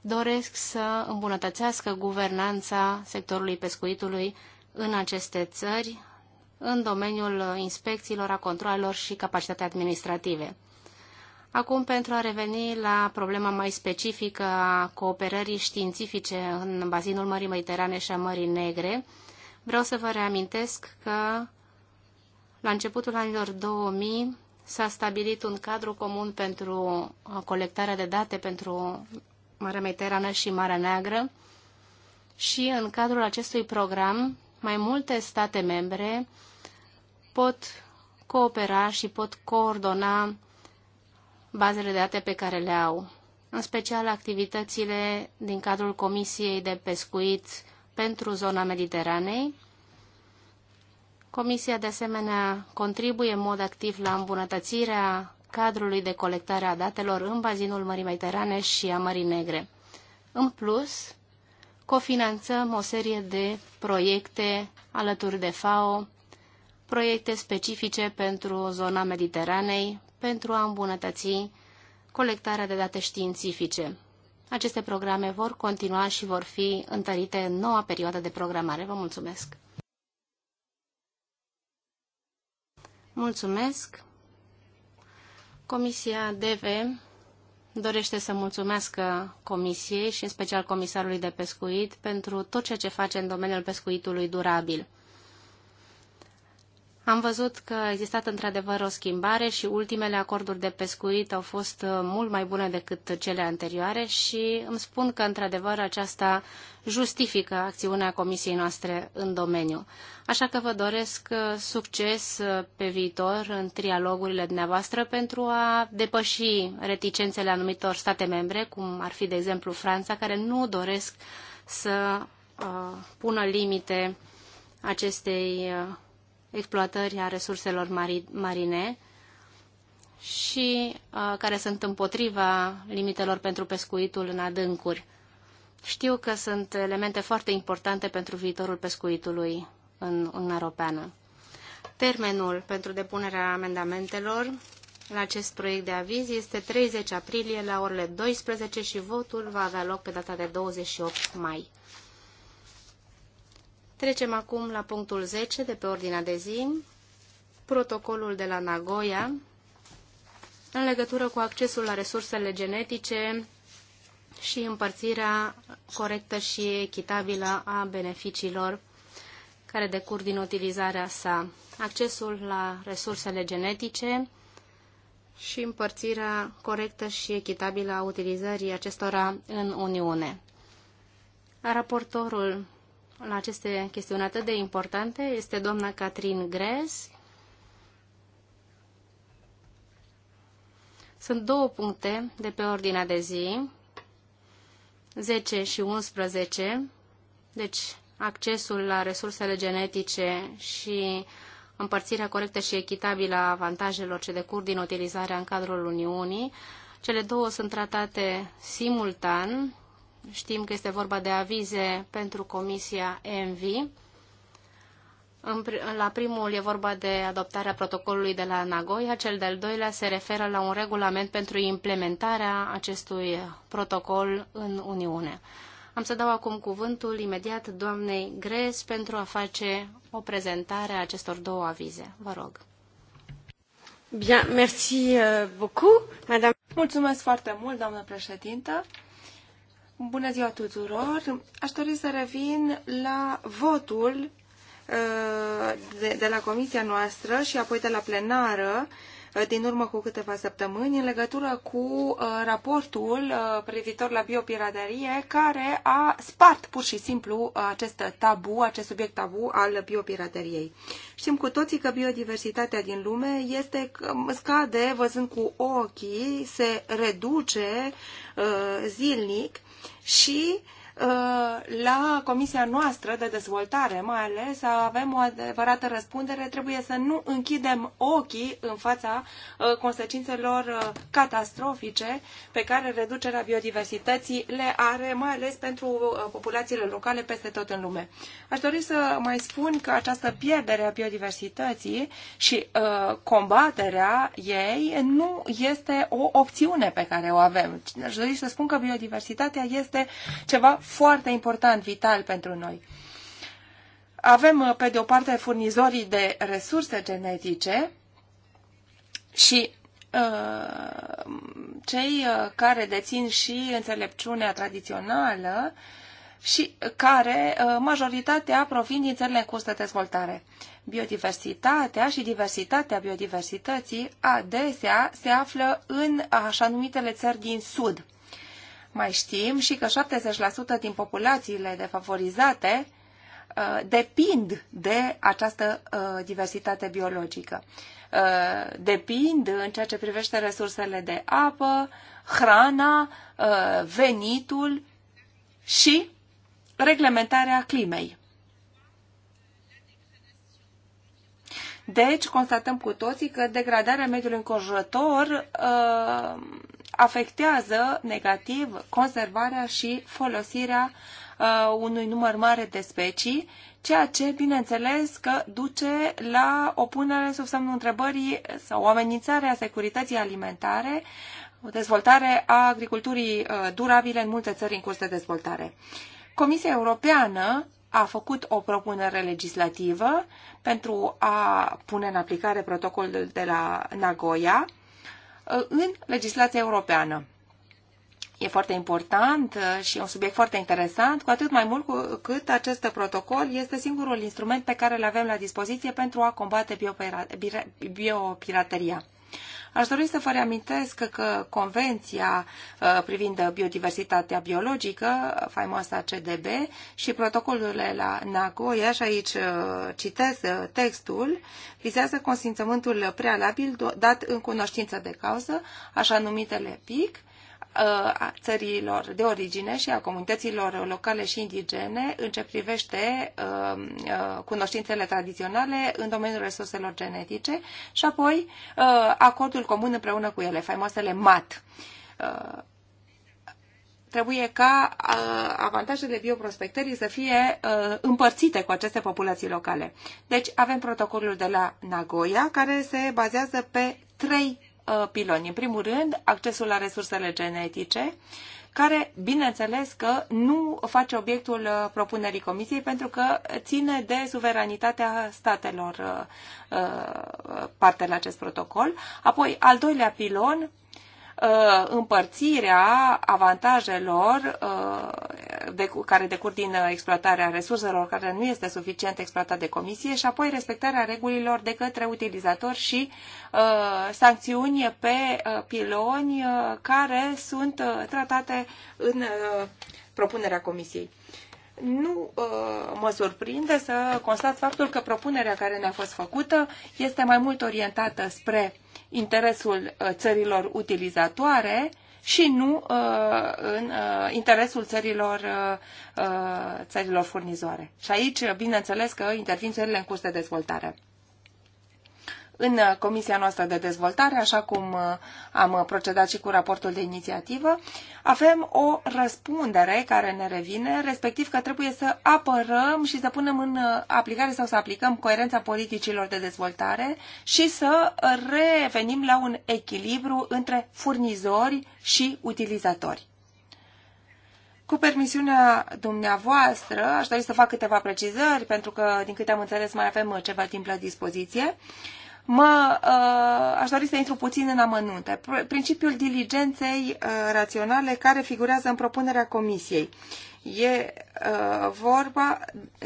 doresc să îmbunătățească guvernanța sectorului pescuitului în aceste țări, în domeniul inspecțiilor, a controlelor și capacitatea administrative. Acum, pentru a reveni la problema mai specifică a cooperării științifice în bazinul Mării Mediterane și a Mării Negre, vreau să vă reamintesc că la începutul anilor 2000 s-a stabilit un cadru comun pentru colectarea de date pentru Marea Mediterană și Marea Neagră și în cadrul acestui program mai multe state membre pot coopera și pot coordona bazele de date pe care le au, în special activitățile din cadrul Comisiei de Pescuit pentru zona Mediteranei. Comisia, de asemenea, contribuie în mod activ la îmbunătățirea cadrului de colectare a datelor în bazinul Mării Mediterane și a Mării Negre. În plus, cofinanțăm o serie de proiecte alături de FAO, proiecte specifice pentru zona Mediteranei, pentru a îmbunătăți colectarea de date științifice. Aceste programe vor continua și vor fi întărite în noua perioadă de programare. Vă mulțumesc! Mulțumesc! Comisia DV dorește să mulțumească Comisiei și în special Comisarului de Pescuit pentru tot ceea ce face în domeniul pescuitului durabil. Am văzut că a existat într-adevăr o schimbare și ultimele acorduri de pescuit au fost uh, mult mai bune decât cele anterioare și îmi spun că într-adevăr aceasta justifică acțiunea comisiei noastre în domeniu. Așa că vă doresc uh, succes uh, pe viitor în trialogurile dumneavoastră pentru a depăși reticențele anumitor state membre, cum ar fi de exemplu Franța, care nu doresc să uh, pună limite acestei uh, exploatării a resurselor mari, marine și uh, care sunt împotriva limitelor pentru pescuitul în adâncuri. Știu că sunt elemente foarte importante pentru viitorul pescuitului în Uniunea Europeană. Termenul pentru depunerea amendamentelor la acest proiect de aviz este 30 aprilie la orele 12 și votul va avea loc pe data de 28 mai. Trecem acum la punctul 10 de pe ordinea de zi, protocolul de la Nagoya, în legătură cu accesul la resursele genetice și împărțirea corectă și echitabilă a beneficiilor care decur din utilizarea sa. Accesul la resursele genetice și împărțirea corectă și echitabilă a utilizării acestora în Uniune. Raportorul la aceste chestiuni atât de importante este doamna Catherine Grez. Sunt două puncte de pe ordinea de zi, 10 și 11, deci accesul la resursele genetice și împărțirea corectă și echitabilă a avantajelor ce decur din utilizarea în cadrul Uniunii. Cele două sunt tratate simultan Știm că este vorba de avize pentru Comisia ENVI. La primul e vorba de adoptarea protocolului de la Nagoya, cel de-al doilea se referă la un regulament pentru implementarea acestui protocol în Uniune. Am să dau acum cuvântul imediat doamnei Gres pentru a face o prezentare a acestor două avize. Vă rog. Bien, merci euh, beaucoup, madame. Mulțumesc foarte mult, doamnă președintă. Bună ziua tuturor! Aș dori să revin la votul uh, de, de la comisia noastră și apoi de la plenară uh, din urmă cu câteva săptămâni în legătură cu uh, raportul privitor la biopiraterie care a spart pur și simplu acest tabu, acest subiect tabu al biopirateriei. Știm cu toții că biodiversitatea din lume este scade văzând cu ochii, se reduce zilnic și uh, Uh, la comisia noastră de dezvoltare, mai ales, avem o adevărată răspundere, trebuie să nu închidem ochii în fața uh, consecințelor uh, catastrofice pe care reducerea biodiversității le are, mai ales pentru populațiile locale peste tot în lume. Aș dori să mai spun că această pierdere a biodiversității și combaterea ei nu este o opțiune pe care o avem. Deci, aș dori să spun că biodiversitatea este ceva foarte important, vital pentru noi. Avem, pe de o parte, furnizorii de resurse genetice și uh, cei uh, care dețin și înțelepciunea tradițională și care uh, majoritatea provin din țările cu de dezvoltare. Biodiversitatea și diversitatea biodiversității adesea se află în așa numitele țări din sud. Mai știm și că 70% din populațiile defavorizate uh, depind de această uh, diversitate biologică. Uh, depind în ceea ce privește resursele de apă, hrana, venitul și reglementarea climei. Deci, constatăm cu toții că degradarea mediului înconjurător afectează negativ conservarea și folosirea uh, unui număr mare de specii, ceea ce, bineînțeles, că duce la o punere sub semnul întrebării sau o amenințare a securității alimentare, o dezvoltare a agriculturii uh, durabile în multe țări în curs de dezvoltare. Comisia Europeană a făcut o propunere legislativă pentru a pune în aplicare protocolul de la Nagoya Uh, în legislația europeană. E foarte important uh, și un subiect foarte interesant, cu atât mai mult cu cât acest protocol este singurul instrument pe care îl avem la dispoziție pentru a combate biopirateria. Aș dori să vă reamintesc că Convenția uh, privind biodiversitatea biologică, faimoasa CDB, și protocolurile la Nagoya, și aici uh, citez uh, textul, vizează consimțământul prealabil dat în cunoștință de cauză, așa numitele PIC, Uh, a țărilor de origine și a comunităților locale și indigene în ce privește um, uh, cunoștințele tradiționale în domeniul resurselor genetice și apoi uh, acordul comun împreună cu ele, faimoasele MAT trebuie ca avantajele bioprospectării să fie împărțite cu aceste populații locale. Deci avem protocolul de la Nagoya, care se bazează pe trei Uh, piloni. În primul rând, accesul la resursele genetice, care, bineînțeles, că nu face obiectul uh, propunerii Comisiei pentru că ține de suveranitatea statelor uh, parte la acest protocol. Apoi, al doilea pilon, Uh, împărțirea avantajelor uh, de, care decur din uh, exploatarea resurselor care nu este suficient exploatat de comisie și apoi respectarea regulilor de către utilizatori și sancțiuni pe piloni care sunt tratate în propunerea comisiei nu uh, mă surprinde să constat faptul că propunerea care ne-a fost făcută este mai mult orientată spre interesul uh, țărilor utilizatoare și nu uh, în interesul țărilor, țărilor furnizoare. Și aici, bineînțeles că intervin țările în curs de dezvoltare în Comisia noastră de dezvoltare, așa cum uh, am procedat și cu raportul de inițiativă, avem o răspundere care ne revine, respectiv că trebuie să apărăm și să punem în uh, aplicare sau să aplicăm coerența politicilor de dezvoltare și să revenim la un echilibru între furnizori și utilizatori. Cu permisiunea dumneavoastră, aș dori să fac câteva precizări, pentru că, din câte am înțeles, mai avem uh, ceva timp la dispoziție. Uh, mă, uh, aș dori să intru puțin în amănunte. Principiul diligenței uh, raționale care figurează în propunerea comisiei. E uh, vorba,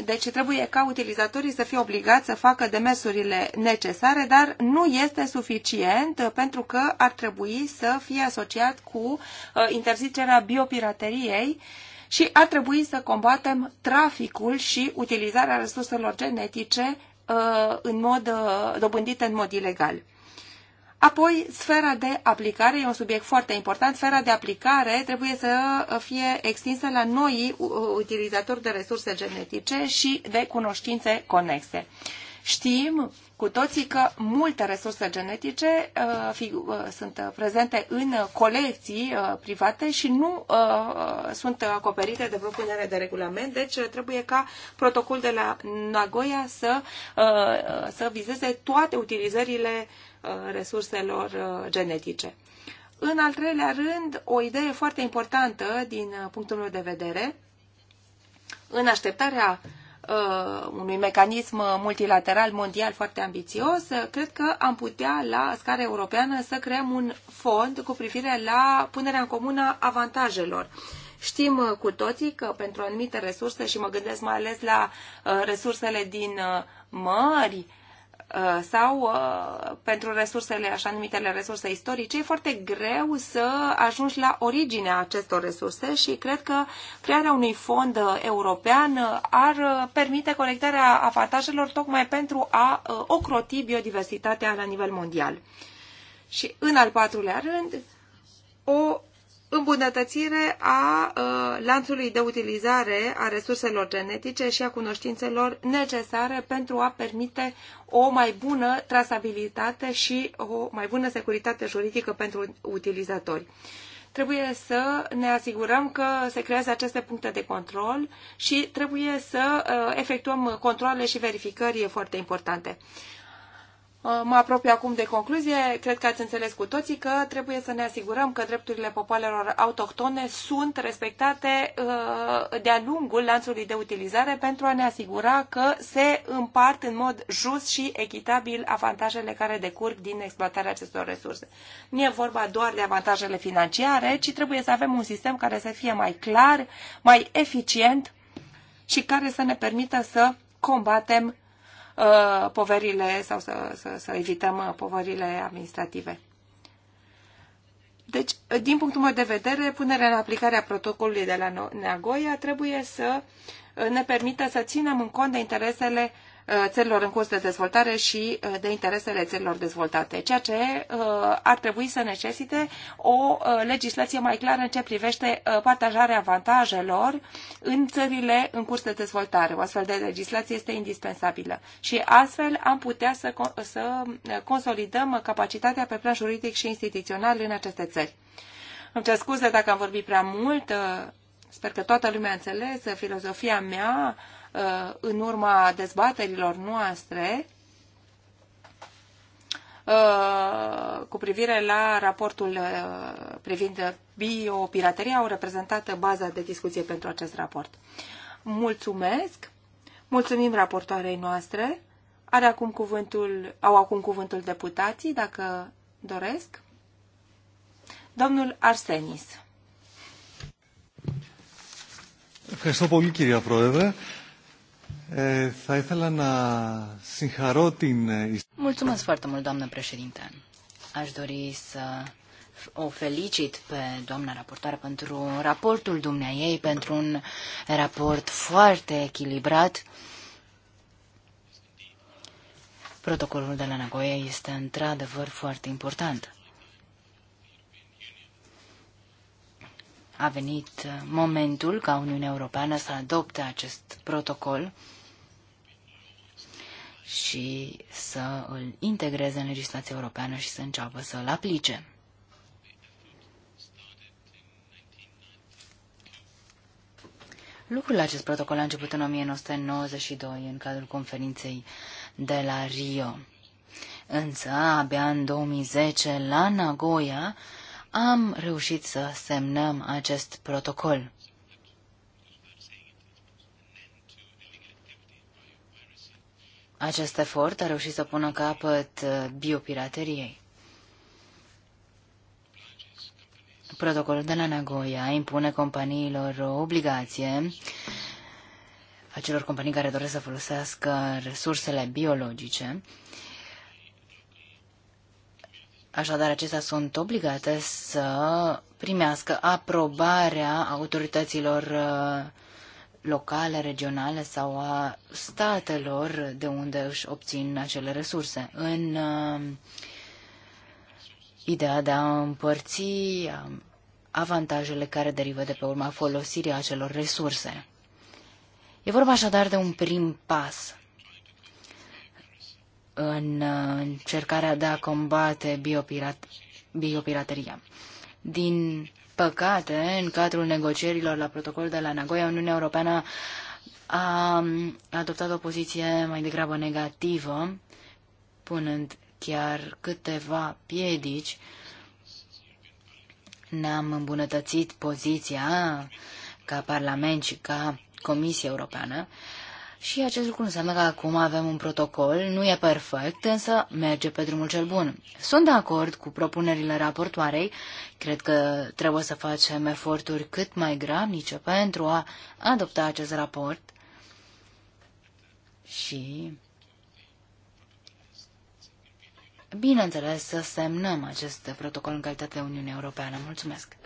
deci trebuie ca utilizatorii să fie obligați să facă demersurile necesare, dar nu este suficient pentru că ar trebui să fie asociat cu interzicerea biopirateriei și ar trebui să combatem traficul și utilizarea resurselor genetice Uh, în mod, uh, dobândite în mod ilegal. Apoi, sfera de aplicare e un subiect foarte important. Sfera de aplicare trebuie să fie extinsă la noi utilizatori de resurse genetice și de cunoștințe conexe. Știm cu toții că multe resurse genetice uh, uh, sunt prezente în colecții uh, private și nu sunt acoperite de propunere de regulament, deci trebuie ca protocolul de la Nagoya să, să vizeze toate utilizările resurselor genetice. În al treilea rând, o idee foarte importantă din punctul meu de vedere, în așteptarea uh, Uh, unui mecanism multilateral mondial foarte ambițios, uh, cred că am putea la scară europeană să creăm un fond cu privire la punerea în comună avantajelor. Știm uh, cu toții că pentru anumite resurse, și mă gândesc mai ales la resursele din mări, Uh, sau uh, pentru resursele, așa numitele resurse istorice, e foarte greu să ajungi la originea acestor resurse și cred că crearea unui fond uh, european ar permite colectarea avantajelor tocmai pentru a ocroti biodiversitatea la nivel mondial. Și în al patrulea rând, o îmbunătățire a ă, lanțului de utilizare a resurselor genetice și a cunoștințelor necesare pentru a permite o mai bună trasabilitate și o mai bună securitate juridică pentru utilizatori. Trebuie să ne asigurăm că se creează aceste puncte de control și trebuie să ă, efectuăm controle și verificări foarte importante. Uh, mă apropiu acum de concluzie. Cred că ați înțeles cu toții că trebuie să ne asigurăm că drepturile popoarelor autohtone sunt respectate uh, de-a lungul lanțului de utilizare pentru a ne asigura că se împart în mod just și echitabil avantajele care decurg din exploatarea acestor resurse. Nu e vorba doar de avantajele financiare, ci trebuie să avem un sistem care să fie mai clar, mai eficient și care să ne permită să combatem Uh, poverile sau să, să, să evităm uh, poverile administrative. Deci, uh, din punctul meu de vedere, punerea în aplicare a protocolului de la Nagoya trebuie să ne permită să ținem în cont de interesele Uh, țărilor în curs de dezvoltare și uh, de interesele țărilor dezvoltate, ceea ce uh, ar trebui să necesite o legislație mai clară în ce privește partajarea avantajelor în țările în curs de dezvoltare. O astfel de legislație este indispensabilă și astfel am putea să, să consolidăm capacitatea pe plan juridic și instituțional în aceste țări. Îmi cer scuze dacă am vorbit prea mult, sper că toată lumea a înțeles filozofia mea Uh, în urma dezbaterilor noastre uh, cu privire la raportul uh, privind biopirateria au reprezentat baza de discuție pentru acest raport. Mulțumesc! Mulțumim raportoarei noastre. Are acum cuvântul, au acum cuvântul deputații, dacă doresc. Domnul Arsenis. Ευχαριστώ πολύ κυρία Πρόεδρε θα ήθελα να συγχαρώ την... Mulțumesc foarte mult, doamnă președinte. Aș dori să o felicit pe doamna raportoare pentru raportul dumneaei, pentru un raport foarte echilibrat. Protocolul de la Nagoya este într-adevăr foarte important. A venit momentul ca Uniunea Europeană să adopte acest protocol și să îl integreze în legislația europeană și să înceapă să îl aplice. Lucrul acest protocol a început în 1992 în cadrul conferinței de la Rio. Însă, abia în 2010, la Nagoya, am reușit să semnăm acest protocol. Acest efort a reușit să pună capăt uh, biopirateriei. Protocolul de la Nagoya impune companiilor o obligație acelor companii care doresc să folosească resursele biologice. Așadar, acestea sunt obligate să primească aprobarea autorităților uh, locale, regionale sau a statelor de unde își obțin acele resurse. În uh, ideea de a împărți um, avantajele care derivă de pe urma folosirii acelor resurse. E vorba așadar de un prim pas în uh, încercarea de a combate biopirat- biopirateria. Din păcate, în cadrul negocierilor la protocolul de la Nagoya, Uniunea Europeană a adoptat o poziție mai degrabă negativă, punând chiar câteva piedici. Ne-am îmbunătățit poziția ca Parlament și ca Comisie Europeană. Uh, și acest lucru înseamnă că acum avem un protocol, nu e perfect, însă merge pe drumul cel bun. Sunt de acord cu propunerile raportoarei, cred că trebuie să facem eforturi cât mai gramnice pentru a adopta acest raport și, bineînțeles, să semnăm acest protocol în calitate de Uniune Europeană. Mulțumesc!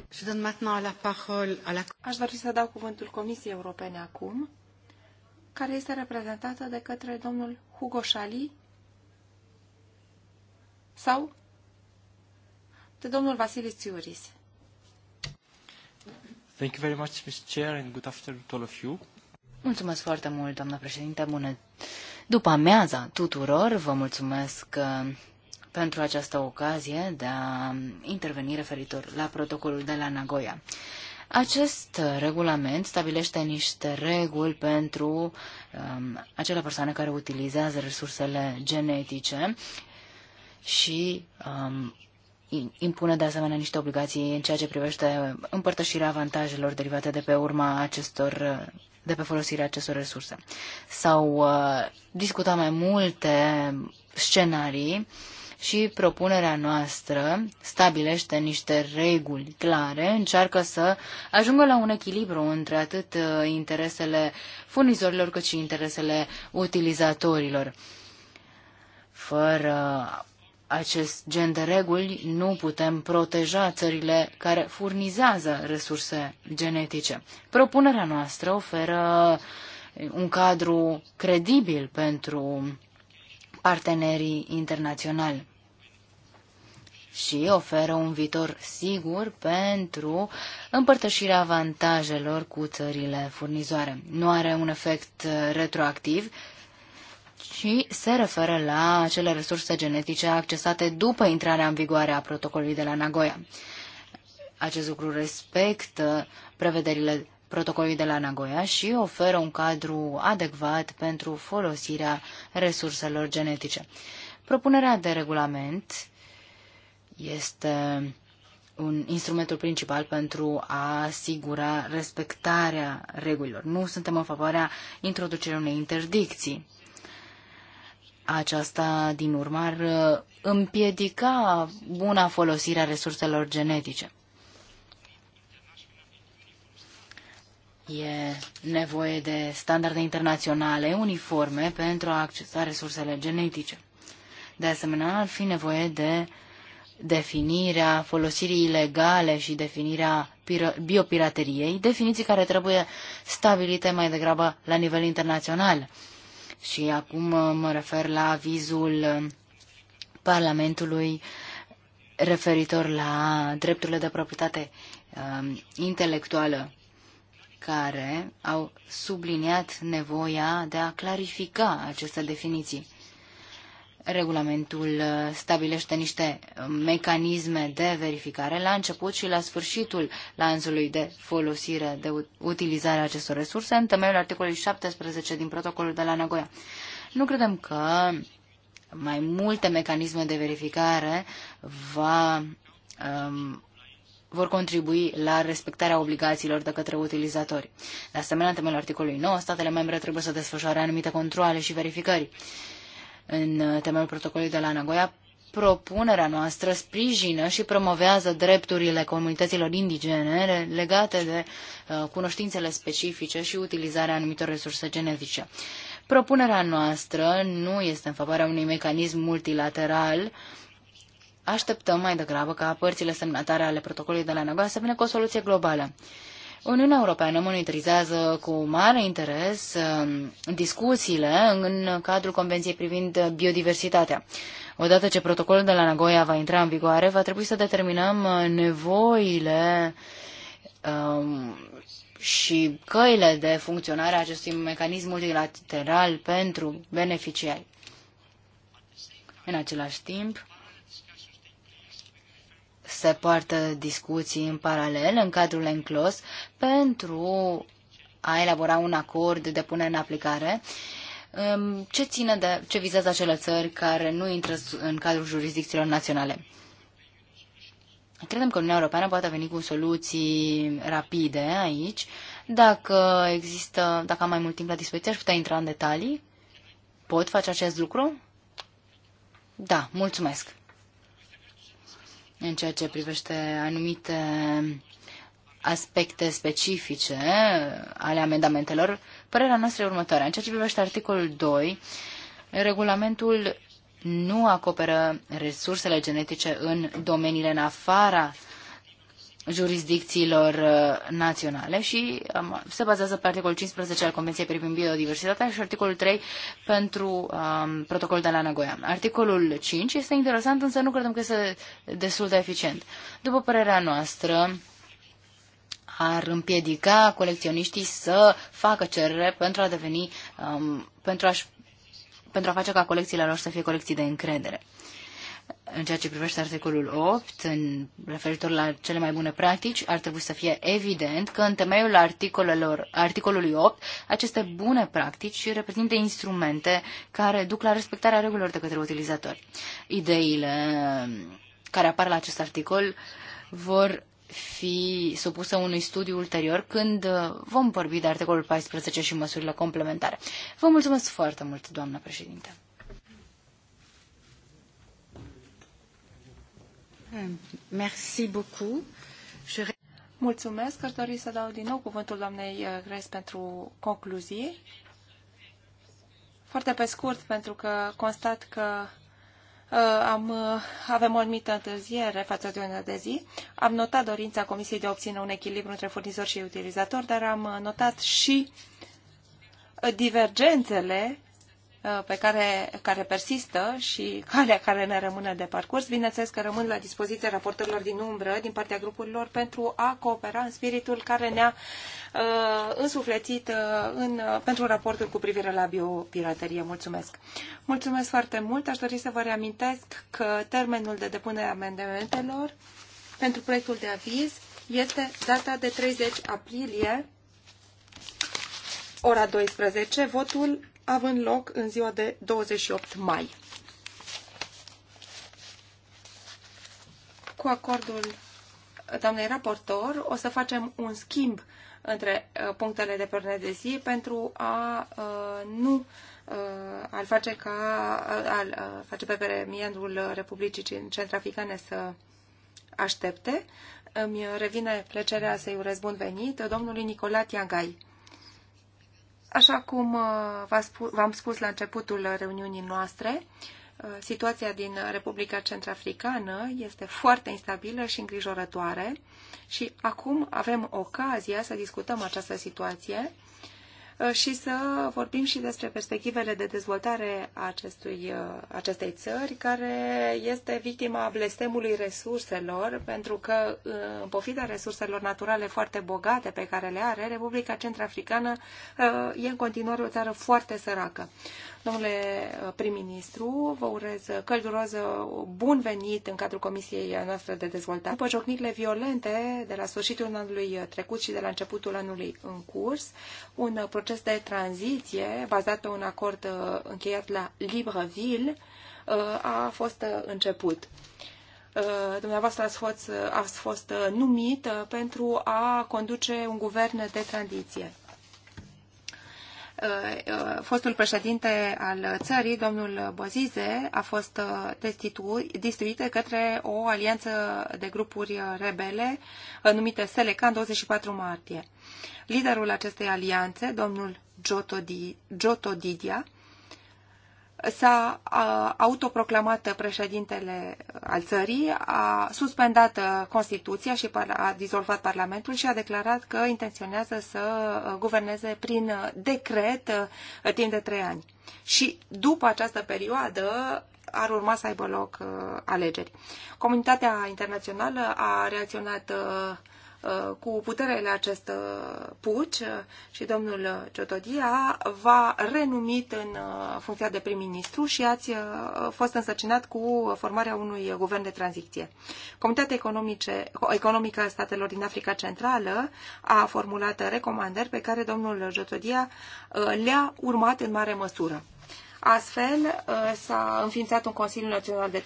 Aș dori să dau cuvântul Comisiei Europene acum care este reprezentată de către domnul Hugo Shali sau de domnul Vasile Țiuris. Thank you very much, Mr. Chair, and good afternoon to all of you. Mulțumesc foarte mult, doamnă președinte. Bună după amiaza tuturor, vă mulțumesc uh, pentru această ocazie de a interveni referitor la protocolul de la Nagoya. Acest regulament stabilește niște reguli pentru um, acele persoane care utilizează resursele genetice și um, impune de asemenea niște obligații în ceea ce privește împărtășirea avantajelor derivate de pe urma acestor de pe folosirea acestor resurse. S-au uh, discutat mai multe scenarii uh, și propunerea noastră stabilește niște reguli clare, încearcă să ajungă la un echilibru între atât uh, interesele furnizorilor cât și interesele utilizatorilor. Fără acest gen de reguli nu putem proteja țările care furnizează resurse genetice. Propunerea noastră oferă un cadru credibil pentru partenerii internaționali și oferă un viitor sigur pentru împărtășirea avantajelor cu țările furnizoare. Nu are un efect uh, retroactiv, ci se referă la acele resurse genetice accesate după intrarea în vigoare a protocolului de la Nagoya. Acest lucru respectă prevederile protocolului de la Nagoya și oferă un cadru adecvat pentru folosirea resurselor genetice. Propunerea de regulament este un instrumentul principal pentru a asigura respectarea regulilor. Nu suntem în favoarea introducerii unei interdicții. Aceasta, din urmă, ar împiedica buna folosire a resurselor genetice. E nevoie de standarde internaționale uniforme pentru a accesa resursele genetice. De asemenea, ar fi nevoie de definirea folosirii ilegale și definirea biopirateriei, definiții care trebuie stabilite mai degrabă la nivel internațional. Și acum uh, mă refer la avizul uh, Parlamentului referitor la drepturile de proprietate uh, intelectuală care au subliniat nevoia de a clarifica aceste definiții. Regulamentul uh, stabilește niște uh, mecanisme de verificare la început și la sfârșitul lanțului de folosire, de utilizare a acestor resurse, în temeiul articolului 17 din protocolul de la Nagoya. Nu credem că mai multe mecanisme de verificare va um, vor contribui la respectarea obligațiilor de către utilizatori. De asemenea, în temelul articolului 9, statele membre trebuie să desfășoare anumite controle și verificări. În temelul protocolului de la Nagoya, propunerea noastră sprijină și promovează drepturile comunităților indigene legate de uh, cunoștințele specifice și utilizarea anumitor resurse genetice. Propunerea noastră nu este în favoarea unui mecanism multilateral așteptăm mai degrabă ca părțile semnatare ale protocolului de la Nagoya să vină cu o soluție globală. Uniunea Europeană monitorizează cu mare interes um, discuțiile în cadrul Convenției privind biodiversitatea. Odată ce protocolul de la Nagoya va intra în vigoare, va trebui să determinăm nevoile um, și căile de funcționare a acestui mecanism multilateral pentru beneficiari. În același timp, se poartă discuții în paralel în cadrul ENCLOS pentru a elabora un acord de pune în aplicare. Ce, ține de, ce vizează acele țări care nu intră în cadrul jurisdicțiilor naționale? Credem că Uniunea Europeană poate veni cu soluții rapide aici. Dacă există, dacă am mai mult timp la dispoziție, aș putea intra în detalii. Pot face acest lucru? Da, mulțumesc în ceea ce privește anumite aspecte specifice ale amendamentelor, părerea noastră e următoarea. În ceea ce privește articolul 2, regulamentul nu acoperă resursele genetice în domeniile în afara jurisdicțiilor uh, naționale și um, se bazează pe articolul 15 al Convenției privind biodiversitatea și articolul 3 pentru um, protocolul de la Nagoya. Articolul 5 este interesant, însă nu credem că este destul de eficient. După părerea noastră, ar împiedica colecționiștii să facă cerere pentru a deveni, um, pentru, a pentru a face ca colecțiile lor să fie colecții de încredere în ceea ce privește articolul 8, în referitor la cele mai bune practici, ar trebui să fie evident că în temeiul articolelor, articolului 8, aceste bune practici reprezintă instrumente care duc la respectarea regulilor de către utilizatori. Ideile um, care apar la acest articol vor fi supusă unui studiu ulterior când uh, vom vorbi de articolul 14 și măsurile complementare. Vă mulțumesc foarte mult, doamnă președinte. Merci beaucoup. Je... Mulțumesc. Aș dori să dau din nou cuvântul doamnei uh, Gres pentru concluzie. Foarte pe scurt, pentru că constat că uh, am, uh, avem o anumită întârziere față de una de zi. Am notat dorința Comisiei de a obține un echilibru între furnizor și utilizator, dar am notat și divergențele Uh, pe care, care persistă și calea care ne rămâne de parcurs. Bineînțeles că rămân la dispoziție raportărilor din umbră, din partea grupurilor, pentru a coopera în spiritul care ne-a uh, însuflețit uh, în, uh, pentru raportul cu privire la biopiraterie. Mulțumesc! Mulțumesc foarte mult! Aș dori să vă reamintesc că termenul de depunere a amendamentelor pentru proiectul de aviz este data de 30 aprilie ora 12, votul având loc în ziua de 28 mai. Cu acordul doamnei raportor, o să facem un schimb între uh, punctele de pe de zi pentru a uh, nu uh, al face ca al face pe premierul Republicii Centrafricane să aștepte. Îmi revine plăcerea să-i urez bun venit domnului Nicolae Tiangai Așa cum uh, v-am spus la începutul reuniunii noastre, uh, situația din Republica Centrafricană este foarte instabilă și îngrijorătoare și acum avem ocazia să discutăm această situație Uh, și să vorbim și despre perspectivele de dezvoltare a acestui, uh, acestei țări, care este victima blestemului resurselor, pentru că, uh, în pofida resurselor naturale foarte bogate pe care le are, Republica Centrafricană e în continuare o țară foarte săracă. Domnule uh, prim-ministru, vă urez călduroză uh, bun venit în cadrul Comisiei noastre de dezvoltare. După jocnicile violente de la sfârșitul anului uh, trecut și de la începutul anului în curs, un proces de tranziție bazat pe un acord încheiat la Libreville a fost început dumneavoastră ați fost, ați fost numit pentru a conduce un guvern de tranziție. Uh, uh, fostul președinte al țării, domnul Bozize, a fost uh, destituit către o alianță de grupuri rebele numite Selecan 24 martie. Liderul acestei alianțe, domnul Giotodidia, s-a autoproclamat președintele al țării, a suspendat uh, Constituția și a dizolvat Parlamentul și a declarat că intenționează să uh, guverneze prin uh, decret timp de trei ani. Și după această perioadă ar urma să aibă loc alegeri. Comunitatea internațională a reacționat uh, Uh, cu putere la acest uh, puci uh, și domnul Ciotodia va renumit în funcția de prim-ministru și ați fost însăcinat cu formarea unui guvern de tranziție. Comunitatea Economică a Statelor din Africa Centrală a formulat recomandări pe care domnul Ciotodia le-a urmat în mare măsură. Astfel, uh, s-a înființat un Consiliu Național de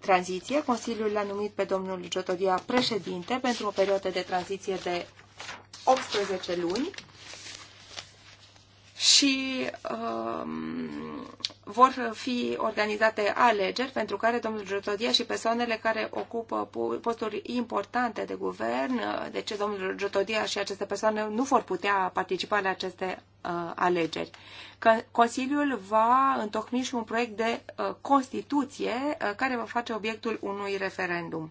Tranziție. Consiliul l-a numit pe domnul Jotodia președinte pentru o perioadă de tranziție de 18 luni și um, vor fi organizate alegeri pentru care domnul Jotodia și persoanele care ocupă posturi importante de guvern, deci domnul Jotodia și aceste persoane nu vor putea participa la aceste uh, alegeri. Consiliul va întocmi și un proiect de uh, Constituție uh, care va face obiectul unui referendum.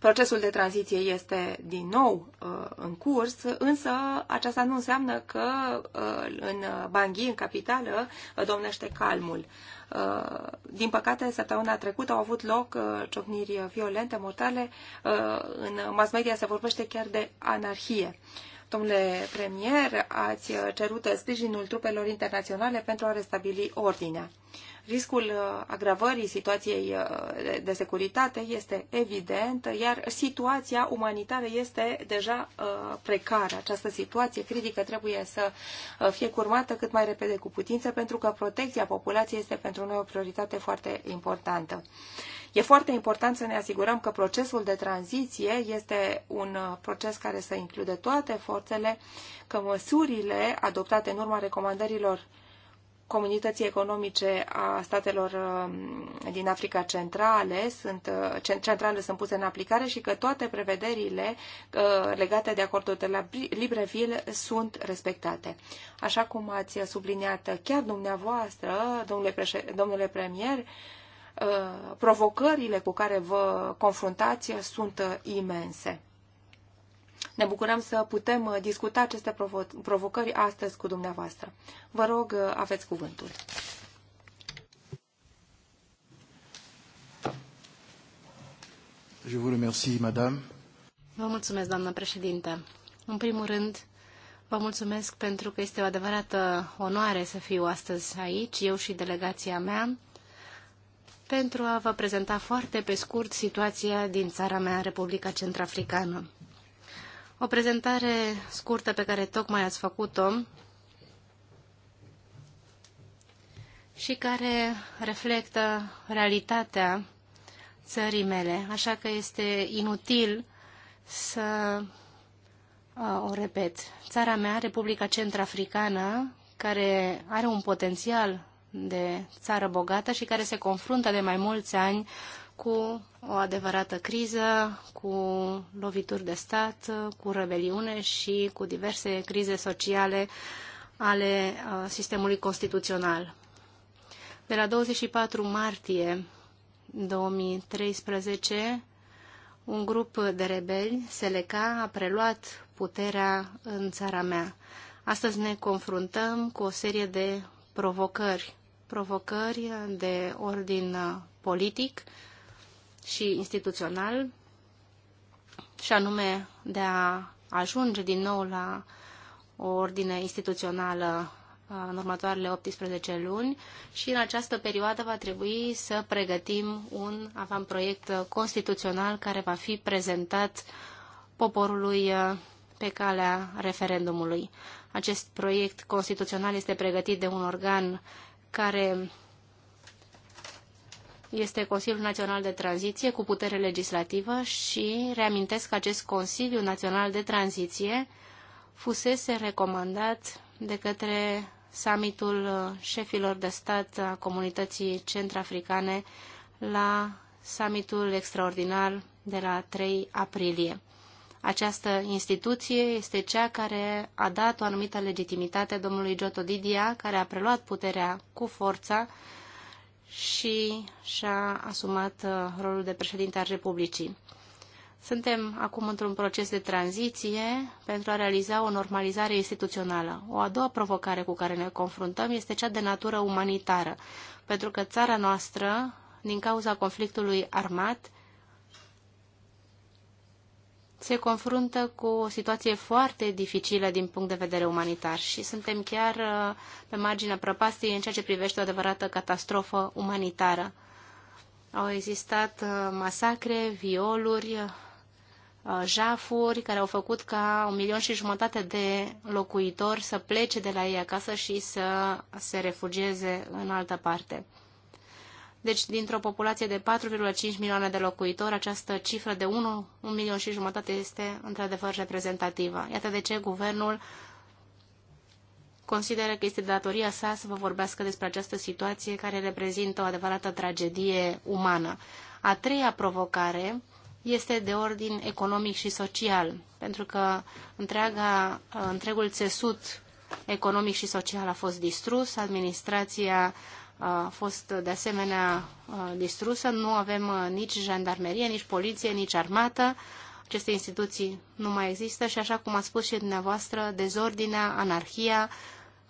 Procesul de tranziție este din nou uh, în curs, însă aceasta nu înseamnă că uh, în Bangui, în capitală, uh, domnește calmul. Din păcate, săptămâna trecută au avut loc ciocniri violente, mortale. În mass media se vorbește chiar de anarhie. Domnule premier, ați cerut sprijinul trupelor internaționale pentru a restabili ordinea. Riscul uh, agravării situației uh, de securitate este evident, iar situația umanitară este deja uh, precară. Această situație critică trebuie să fie curmată cât mai repede cu putință, pentru că protecția populației este pentru noi o prioritate foarte importantă. E foarte important să ne asigurăm că procesul de tranziție este un proces care să includă toate forțele, că măsurile adoptate în urma recomandărilor comunității economice a statelor um, din Africa centrale sunt, uh, centrale sunt puse în aplicare și că toate prevederile uh, legate de acordul de la Libreville sunt respectate. Așa cum ați subliniat chiar dumneavoastră, domnule, președ, domnule premier, uh, provocările cu care vă confruntați sunt imense. Ne bucurăm să putem uh, discuta aceste provo provocări astăzi cu dumneavoastră. Vă rog, uh, aveți cuvântul. Je vous madame. Vă mulțumesc, doamnă președinte. În primul rând, vă mulțumesc pentru că este o adevărată onoare să fiu astăzi aici, eu și delegația mea, pentru a vă prezenta foarte pe scurt situația din țara mea, Republica Centrafricană. O prezentare scurtă pe care tocmai ați făcut-o și care reflectă realitatea țării mele, așa că este inutil să uh, o repet. Țara mea, Republica Centrafricană, care are un potențial de țară bogată și care se confruntă de mai mulți ani cu o adevărată criză, cu lovituri de stat, cu rebeliune și cu diverse crize sociale ale uh, sistemului constituțional. De la 24 martie 2013, un grup de rebeli, Seleca, a preluat puterea în țara mea. Astăzi ne confruntăm cu o serie de provocări. Provocări de ordin uh, politic, și instituțional, și anume de a ajunge din nou la o ordine instituțională uh, în următoarele 18 luni și în această perioadă va trebui să pregătim un avantproiect constituțional care va fi prezentat poporului uh, pe calea referendumului. Acest proiect constituțional este pregătit de un organ care este Consiliul Național de Tranziție cu putere legislativă și reamintesc că acest Consiliu Național de Tranziție fusese recomandat de către summitul șefilor de stat a comunității centrafricane la summitul extraordinar de la 3 aprilie. Această instituție este cea care a dat o anumită legitimitate domnului Giotto Didia, care a preluat puterea cu forța și și-a asumat uh, rolul de președinte al Republicii. Suntem acum într-un proces de tranziție pentru a realiza o normalizare instituțională. O a doua provocare cu care ne confruntăm este cea de natură umanitară, pentru că țara noastră, din cauza conflictului armat, se confruntă cu o situație foarte dificilă din punct de vedere umanitar și suntem chiar uh, pe marginea prăpastiei în ceea ce privește o adevărată catastrofă umanitară. Au existat uh, masacre, violuri, uh, jafuri care au făcut ca un milion și jumătate de locuitori să plece de la ei acasă și să se refugieze în altă parte. Deci, dintr-o populație de 4,5 milioane de locuitori, această cifră de 1, 1 milion și jumătate este într-adevăr reprezentativă. Iată de ce guvernul consideră că este datoria sa să vă vorbească despre această situație care reprezintă o adevărată tragedie umană. A treia provocare este de ordin economic și social, pentru că întreaga, întregul țesut economic și social a fost distrus, administrația a fost de asemenea distrusă. Nu avem nici jandarmerie, nici poliție, nici armată. Aceste instituții nu mai există și așa cum a spus și dumneavoastră, dezordinea, anarhia,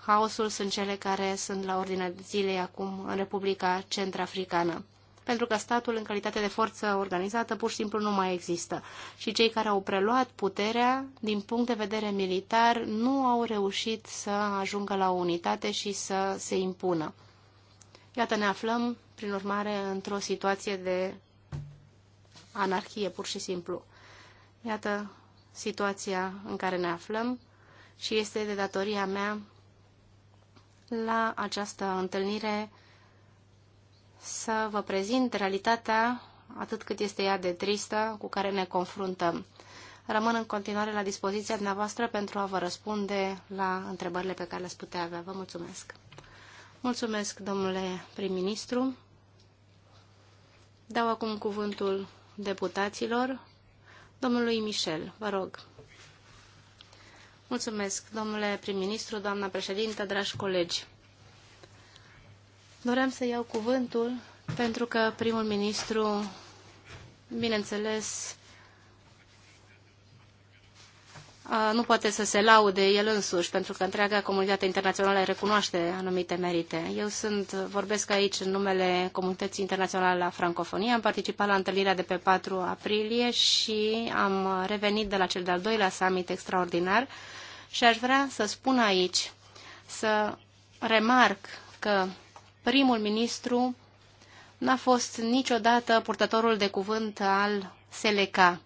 haosul sunt cele care sunt la ordinea zilei acum în Republica Centrafricană. Pentru că statul, în calitate de forță organizată, pur și simplu nu mai există. Și cei care au preluat puterea, din punct de vedere militar, nu au reușit să ajungă la unitate și să se impună. Iată, ne aflăm, prin urmare, într-o situație de anarhie, pur și simplu. Iată situația în care ne aflăm și este de datoria mea la această întâlnire să vă prezint realitatea atât cât este ea de tristă cu care ne confruntăm. Rămân în continuare la dispoziția dumneavoastră pentru a vă răspunde la întrebările pe care le-ați putea avea. Vă mulțumesc! Mulțumesc, domnule prim-ministru. Dau acum cuvântul deputaților. Domnului Michel, vă rog. Mulțumesc, domnule prim-ministru, doamna președintă, dragi colegi. Doream să iau cuvântul pentru că primul ministru, bineînțeles, nu poate să se laude el însuși, pentru că întreaga comunitate internațională recunoaște anumite merite. Eu sunt, vorbesc aici în numele comunității internaționale la francofonie, am participat la întâlnirea de pe 4 aprilie și am revenit de la cel de-al doilea summit extraordinar și aș vrea să spun aici, să remarc că primul ministru n-a fost niciodată purtătorul de cuvânt al SELECA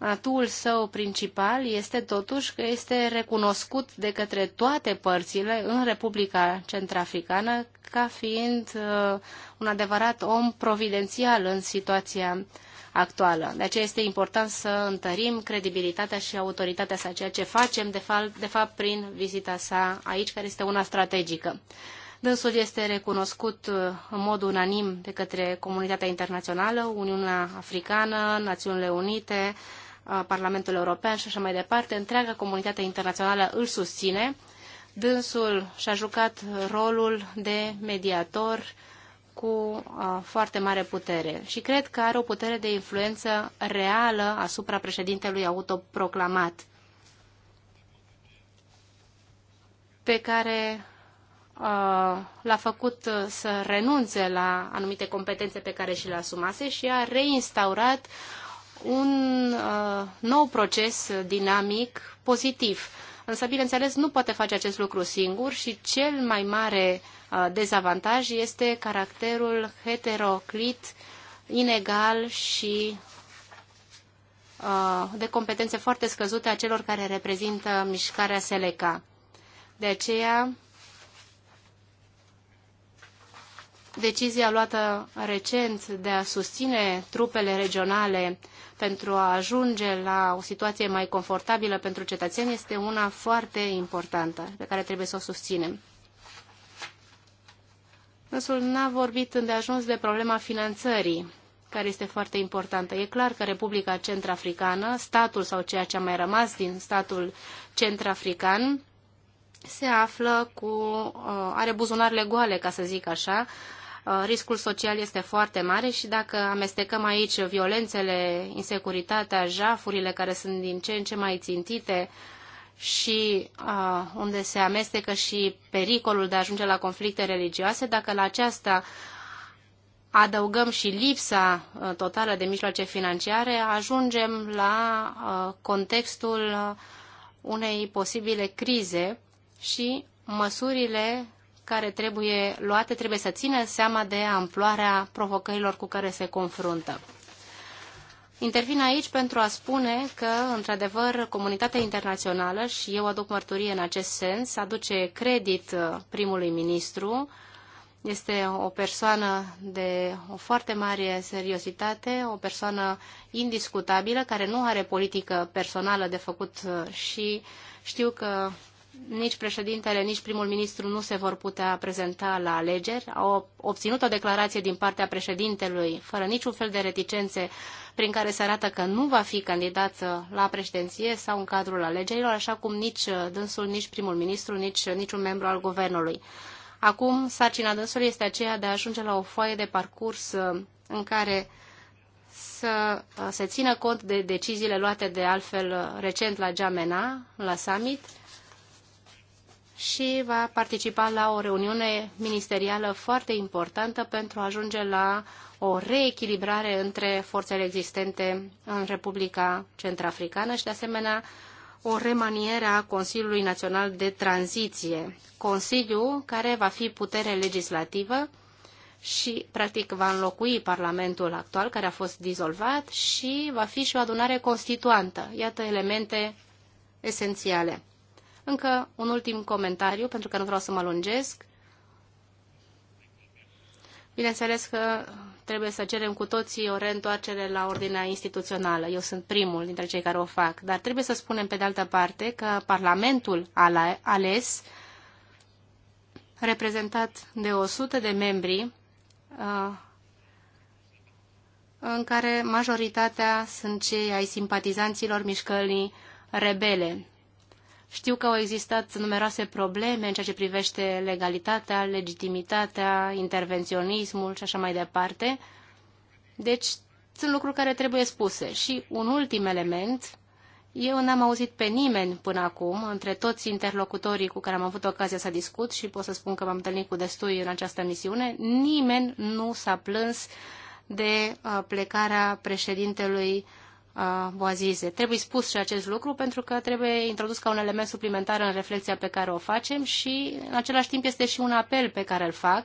Atul său principal este totuși că este recunoscut de către toate părțile în Republica Centrafricană ca fiind uh, un adevărat om providențial în situația actuală. De aceea este important să întărim credibilitatea și autoritatea sa, ceea ce facem de fapt, de fapt prin vizita sa aici, care este una strategică. Dânsul este recunoscut uh, în mod unanim de către comunitatea internațională, Uniunea Africană, Națiunile Unite, Parlamentul European și așa mai departe, întreaga comunitate internațională îl susține. Dânsul și-a jucat rolul de mediator cu foarte mare putere și cred că are o putere de influență reală asupra președintelui autoproclamat pe care l-a făcut să renunțe la anumite competențe pe care și le asumase și a reinstaurat un uh, nou proces dinamic pozitiv. Însă, bineînțeles, nu poate face acest lucru singur și cel mai mare uh, dezavantaj este caracterul heteroclit, inegal și uh, de competențe foarte scăzute a celor care reprezintă mișcarea Seleca. De aceea, Decizia luată recent de a susține trupele regionale pentru a ajunge la o situație mai confortabilă pentru cetățeni este una foarte importantă, pe care trebuie să o susținem. Însul n-a vorbit îndeajuns de problema finanțării, care este foarte importantă. E clar că Republica Centrafricană, statul sau ceea ce a mai rămas din statul centrafrican, se află cu, uh, are buzunarele goale, ca să zic așa, Uh, riscul social este foarte mare și dacă amestecăm aici violențele, insecuritatea, jafurile care sunt din ce în ce mai țintite și uh, unde se amestecă și pericolul de a ajunge la conflicte religioase, dacă la aceasta adăugăm și lipsa uh, totală de mijloace financiare, ajungem la uh, contextul uh, unei posibile crize și măsurile care trebuie luate trebuie să țină seama de amploarea provocărilor cu care se confruntă. Intervin aici pentru a spune că, într-adevăr, comunitatea internațională, și eu aduc mărturie în acest sens, aduce credit uh, primului ministru, este o persoană de o foarte mare seriositate, o persoană indiscutabilă, care nu are politică personală de făcut uh, și știu că nici președintele, nici primul ministru nu se vor putea prezenta la alegeri. Au obținut o declarație din partea președintelui, fără niciun fel de reticențe, prin care se arată că nu va fi candidat la președinție sau în cadrul alegerilor, așa cum nici dânsul, nici primul ministru, nici niciun membru al guvernului. Acum, sarcina dânsului este aceea de a ajunge la o foaie de parcurs uh, în care să uh, se țină cont de deciziile luate de altfel uh, recent la Gemena, la summit, și va participa la o reuniune ministerială foarte importantă pentru a ajunge la o reechilibrare între forțele existente în Republica Centrafricană și, de asemenea, o remaniere a Consiliului Național de Tranziție, Consiliu care va fi putere legislativă și, practic, va înlocui Parlamentul actual, care a fost dizolvat, și va fi și o adunare constituantă. Iată elemente esențiale. Încă un ultim comentariu, pentru că nu vreau să mă lungesc. Bineînțeles că trebuie să cerem cu toții o reîntoarcere la ordinea instituțională. Eu sunt primul dintre cei care o fac, dar trebuie să spunem pe de altă parte că Parlamentul ales, reprezentat de 100 de membri, uh, în care majoritatea sunt cei ai simpatizanților mișcării rebele. Știu că au existat numeroase probleme în ceea ce privește legalitatea, legitimitatea, intervenționismul și așa mai departe. Deci, sunt lucruri care trebuie spuse. Și un ultim element, eu n-am auzit pe nimeni până acum, între toți interlocutorii cu care am avut ocazia să discut și pot să spun că m-am întâlnit cu destui în această misiune, nimeni nu s-a plâns de uh, plecarea președintelui uh, Boazize. Trebuie spus și acest lucru pentru că trebuie introdus ca un element suplimentar în reflexia pe care o facem și în același timp este și un apel pe care îl fac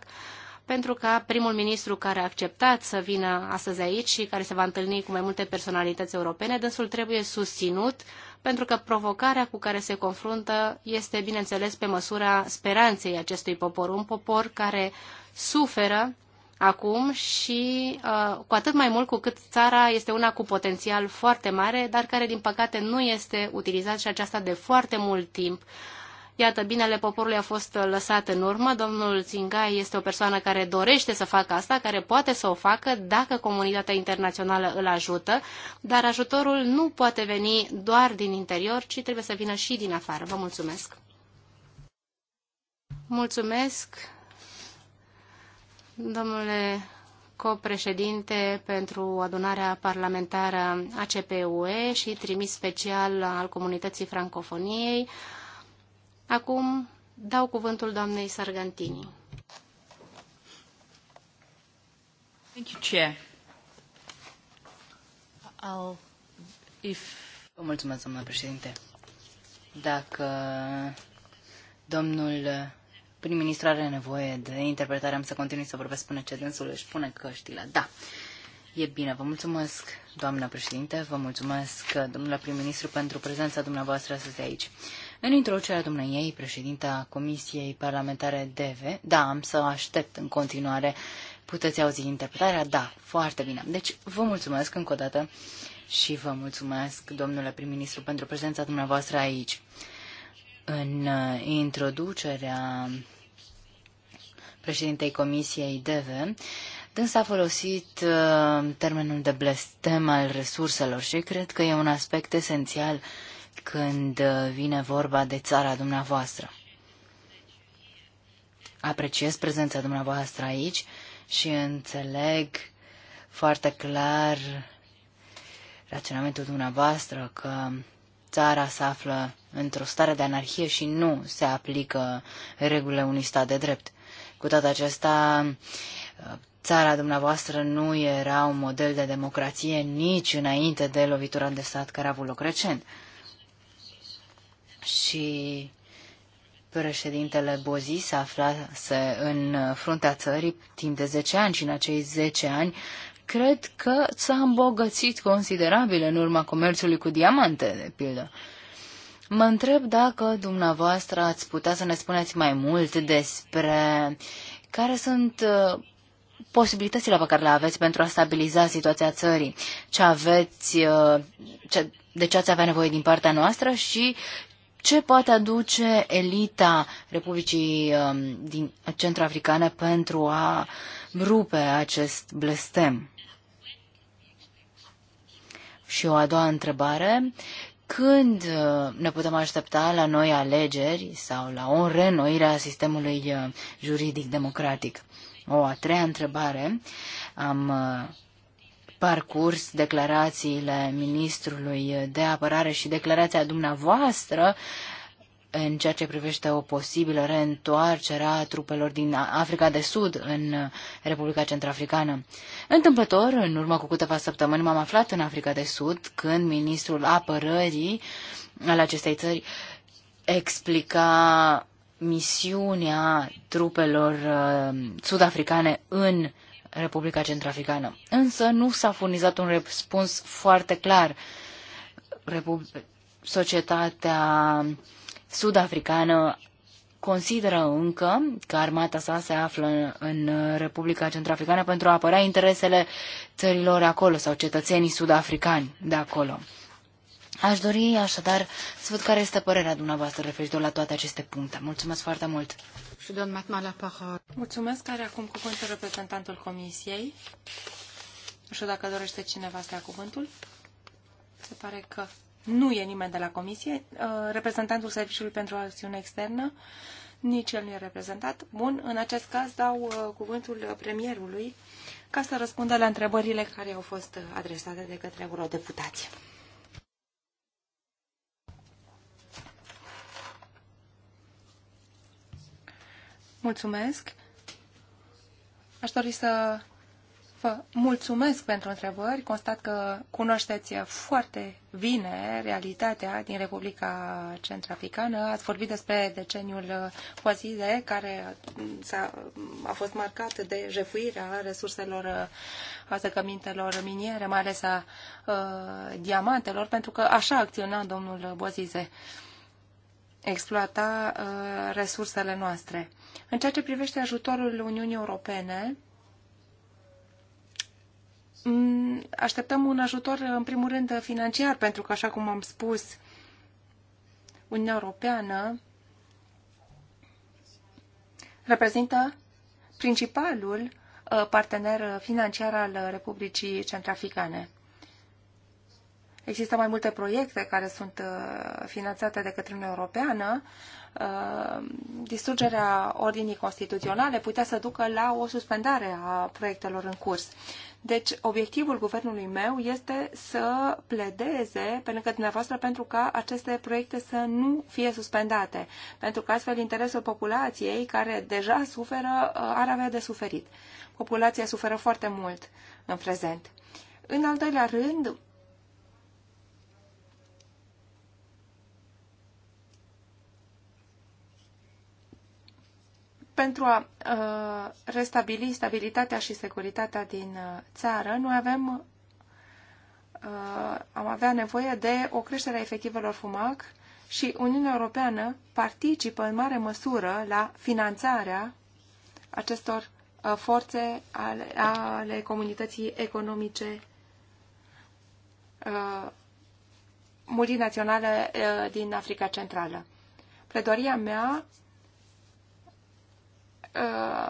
pentru ca primul ministru care a acceptat să vină astăzi aici și care se va întâlni cu mai multe personalități europene, dânsul trebuie susținut pentru că provocarea cu care se confruntă este, bineînțeles, pe măsura speranței acestui popor, un popor care suferă acum și uh, cu atât mai mult cu cât țara este una cu potențial foarte mare, dar care din păcate nu este utilizat și aceasta de foarte mult timp. Iată, binele poporului a fost lăsat în urmă. Domnul Țingai este o persoană care dorește să facă asta, care poate să o facă dacă comunitatea internațională îl ajută, dar ajutorul nu poate veni doar din interior, ci trebuie să vină și din afară. Vă mulțumesc! Mulțumesc! domnule copreședinte pentru adunarea parlamentară ACPUE și trimis special al comunității francofoniei. Acum dau cuvântul doamnei Sargantini. Thank you, Chair. I'll, if... mulțumesc, domnule președinte. Dacă domnul prim-ministru are nevoie de interpretare. Am să continui să vorbesc până ce dânsul își pune căștile. Da, e bine. Vă mulțumesc, doamna președinte, vă mulțumesc, domnule prim-ministru, pentru prezența dumneavoastră astăzi aici. În introducerea dumneiei, președinta Comisiei Parlamentare DV, da, am să aștept în continuare. Puteți auzi interpretarea? Da, foarte bine. Deci, vă mulțumesc încă o dată și vă mulțumesc, domnule prim-ministru, pentru prezența dumneavoastră aici. În uh, introducerea președintei Comisiei DEVE, dânsa a folosit uh, termenul de blestem al resurselor și cred că e un aspect esențial când uh, vine vorba de țara dumneavoastră. Apreciez prezența dumneavoastră aici și înțeleg foarte clar raționamentul dumneavoastră că țara se află într-o stare de anarhie și nu se aplică regulile unui stat de drept. Cu toate acestea, țara dumneavoastră nu era un model de democrație nici înainte de lovitura de stat care a avut loc recent. Și președintele Bozi se aflase în fruntea țării timp de 10 ani și în acei 10 ani cred că s-a îmbogățit considerabil în urma comerțului cu diamante, de pildă. Mă întreb dacă dumneavoastră ați putea să ne spuneți mai mult despre care sunt uh, posibilitățile pe care le aveți pentru a stabiliza situația țării, ce aveți, uh, ce, de ce ați avea nevoie din partea noastră și ce poate aduce elita Republicii um, din Centroafricane pentru a rupe acest blestem. Și o a doua întrebare, când uh, ne putem aștepta la noi alegeri sau la o renoire a sistemului uh, juridic democratic? O a treia întrebare. Am uh, parcurs declarațiile ministrului de apărare și declarația dumneavoastră în ceea ce privește o posibilă reîntoarcere a trupelor din Africa de Sud în Republica Centrafricană. Întâmplător, în urmă cu câteva săptămâni m-am aflat în Africa de Sud când ministrul apărării al acestei țări explica misiunea trupelor uh, sud-africane în Republica Centrafricană. Însă nu s-a furnizat un răspuns foarte clar. Repu- societatea sud-africană consideră încă că armata sa se află în Republica Centrafricană pentru a apăra interesele țărilor acolo sau cetățenii sud-africani de acolo. Aș dori așadar să văd care este părerea dumneavoastră referitor la toate aceste puncte. Mulțumesc foarte mult! Mulțumesc, care acum cuvântul reprezentantul Comisiei. Nu știu dacă dorește cineva să ia cuvântul. Se pare că nu e nimeni de la comisie. Uh, reprezentantul Serviciului pentru Acțiune Externă, nici el nu e reprezentat. Bun, în acest caz dau uh, cuvântul premierului ca să răspundă la întrebările care au fost uh, adresate de către eurodeputați. Mulțumesc. Aș dori să Vă mulțumesc pentru întrebări. Constat că cunoașteți foarte bine realitatea din Republica Centrafricană. Ați vorbit despre deceniul Poazide, care a a fost marcat de jefuirea resurselor a zăcămintelor miniere, mai ales a, a diamantelor, pentru că așa acționa domnul Bozize exploata a, resursele noastre. În ceea ce privește ajutorul Uniunii Europene, Mm, așteptăm un ajutor, în primul rând, financiar, pentru că, așa cum am spus, Uniunea Europeană reprezintă principalul uh, partener financiar al Republicii Centrafricane. Există mai multe proiecte care sunt uh, finanțate de către Uniunea Europeană. Uh, distrugerea ordinii constituționale putea să ducă la o suspendare a proiectelor în curs. Deci, obiectivul guvernului meu este să pledeze pe lângă dumneavoastră pentru ca aceste proiecte să nu fie suspendate, pentru că astfel interesul populației, care deja suferă, uh, ar avea de suferit. Populația suferă foarte mult în prezent. În al doilea rând, pentru a uh, restabili stabilitatea și securitatea din uh, țară, noi avem, uh, am avea nevoie de o creștere a efectivelor FUMAC și Uniunea Europeană participă în mare măsură la finanțarea acestor uh, forțe ale, ale comunității economice uh, multinaționale uh, din Africa Centrală. Pledoria mea Uh,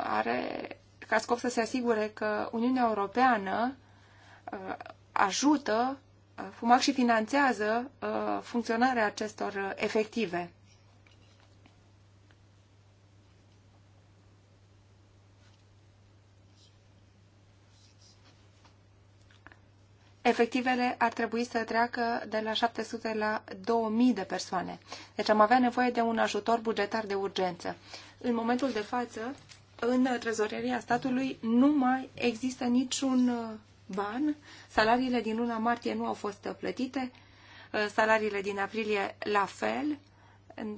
are ca scop să se asigure că Uniunea Europeană uh, ajută, uh, fumac și finanțează funcționarea acestor efective. efectivele ar trebui să treacă de la 700 la 2000 de persoane. Deci am avea nevoie de un ajutor bugetar de urgență. În momentul de față, în trezoreria statului nu mai există niciun uh, ban. Salariile din luna martie nu au fost plătite, uh, salariile din aprilie la fel.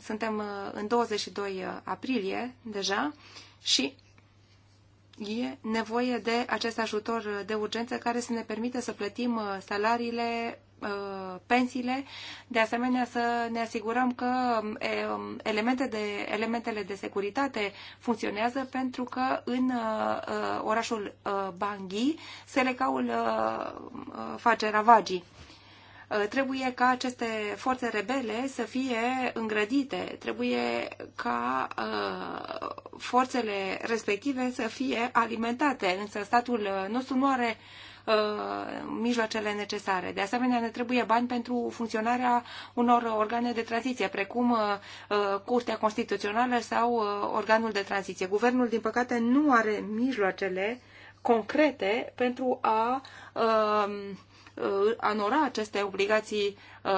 Suntem uh, în 22 aprilie deja și e nevoie de acest ajutor de urgență care să ne permită să plătim uh, salariile, uh, pensiile, de asemenea să ne asigurăm că um, um, elemente de, elementele de securitate funcționează pentru că în uh, orașul Bangui selecaul face ravagii. Uh, trebuie ca aceste forțe rebele să fie îngrădite, trebuie ca uh, forțele respective să fie alimentate, însă statul uh, nostru nu are uh, mijloacele necesare. De asemenea, ne trebuie bani pentru funcționarea unor organe de tranziție, precum Curtea Constituțională sau organul de tranziție. Guvernul, din păcate, nu are mijloacele concrete pentru a uh, Uh, anora aceste obligații uh,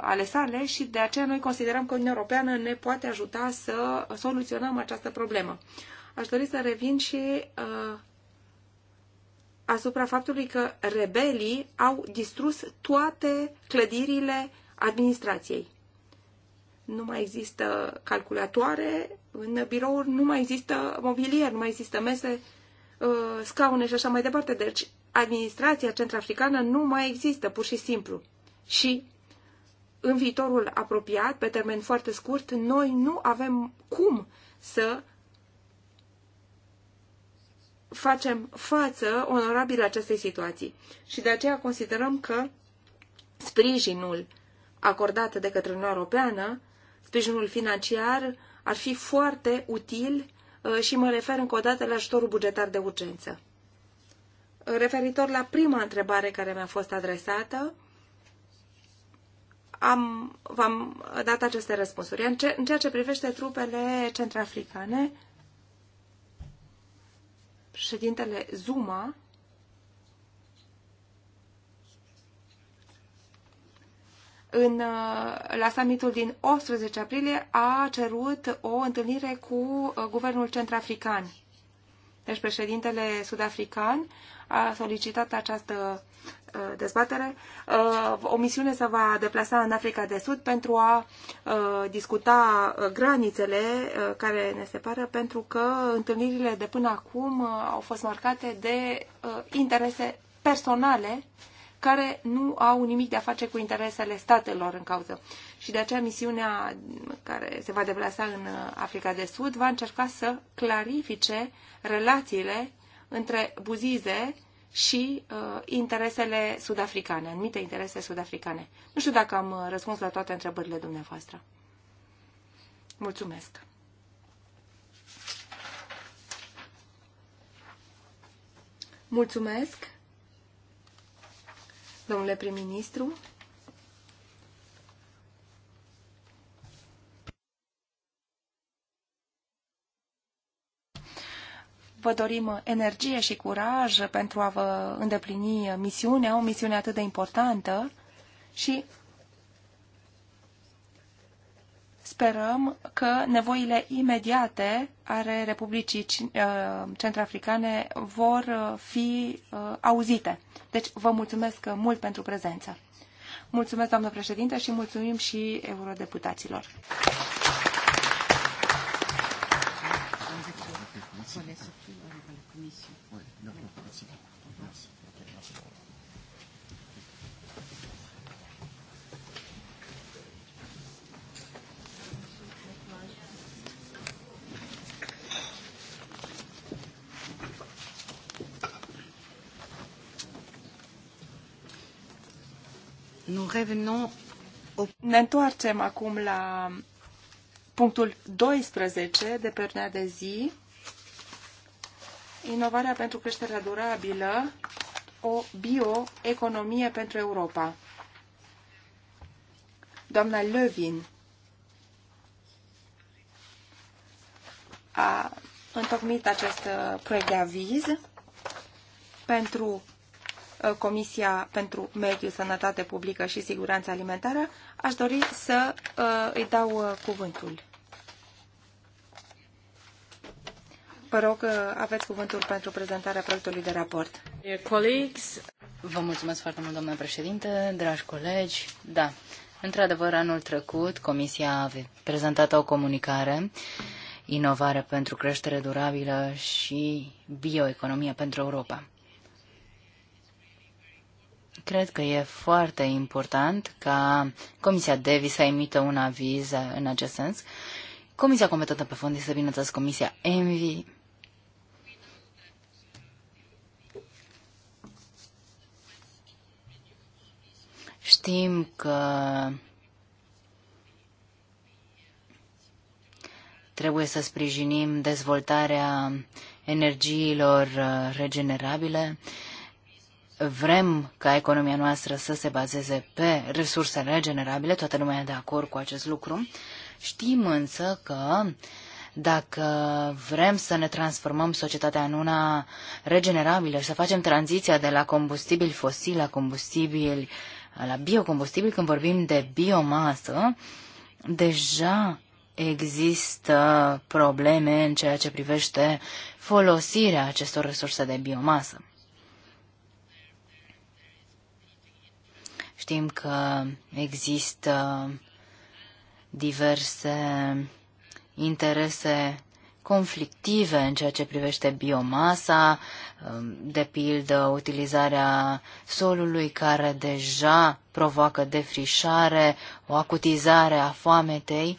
ale sale și de aceea noi considerăm că Uniunea Europeană ne poate ajuta să soluționăm această problemă. Aș dori să revin și uh, asupra faptului că rebelii au distrus toate clădirile administrației. Nu mai există calculatoare în birouri, nu mai există mobilier, nu mai există mese, scaune și așa mai departe. Deci administrația centrafricană nu mai există, pur și simplu. Și în viitorul apropiat, pe termen foarte scurt, noi nu avem cum să facem față onorabilă acestei situații. Și de aceea considerăm că sprijinul acordat de către Uniunea Europeană, sprijinul financiar, ar fi foarte util uh, și mă refer încă o dată la ajutorul bugetar de urgență. Referitor la prima întrebare care mi-a fost adresată, am, v-am dat aceste răspunsuri. În, ce, în ceea ce privește trupele centrafricane, președintele Zuma în, la summitul din 18 aprilie a cerut o întâlnire cu uh, guvernul centrafrican. Deci președintele sudafrican a solicitat această uh, dezbatere. Uh, o misiune se va deplasa în Africa de Sud pentru a uh, discuta granițele care ne separă, pentru că întâlnirile de până acum au fost marcate de interese personale care nu au nimic de a face cu interesele statelor în cauză. Și de aceea misiunea care se va deplasa în Africa de Sud va încerca să clarifice relațiile între buzize și uh, interesele sudafricane, anumite interese sudafricane. Nu știu dacă am uh, răspuns la toate întrebările dumneavoastră. Mulțumesc! Mulțumesc, domnule prim-ministru. Vă dorim energie și curaj pentru a vă îndeplini misiunea, o misiune atât de importantă și sperăm că nevoile imediate ale Republicii uh, Centrafricane vor fi uh, auzite. Deci vă mulțumesc mult pentru prezență. Mulțumesc, doamnă președinte, și mulțumim și eurodeputaților commission. Oui, non, non, merci. Merci. Okay, merci. Nous revenons au... Ne întoarcem acum la punctul 12 de pe de zi Inovarea pentru creșterea durabilă, o bioeconomie pentru Europa. Doamna Lövin a întocmit acest uh, proiect de aviz pentru uh, Comisia pentru Mediu, Sănătate Publică și Siguranță Alimentară, aș dori să uh, îi dau cuvântul. Vă rog, uh, aveți cuvântul pentru prezentarea proiectului de raport. Colleagues. Vă mulțumesc foarte mult, domnule președinte, dragi colegi. Da, într-adevăr, anul trecut Comisia a prezentat o comunicare Inovare pentru creștere durabilă și bioeconomie pentru Europa. Cred că e foarte important ca Comisia Devi să emită un aviz în acest sens Comisia competentă pe fond este, bineînțeles, Comisia ENVI Știm că trebuie să sprijinim dezvoltarea energiilor uh, regenerabile. Vrem ca economia noastră să se bazeze pe resurse regenerabile, toată lumea e de acord cu acest lucru. Știm însă că dacă vrem să ne transformăm societatea în una regenerabilă și să facem tranziția de la combustibili fosili la combustibili la biocombustibil, când vorbim de biomasă, deja există probleme în ceea ce privește folosirea acestor resurse de biomasă. Știm că există diverse interese conflictive în ceea ce privește biomasa, um, de pildă utilizarea solului care deja provoacă defrișare, o acutizare a foametei.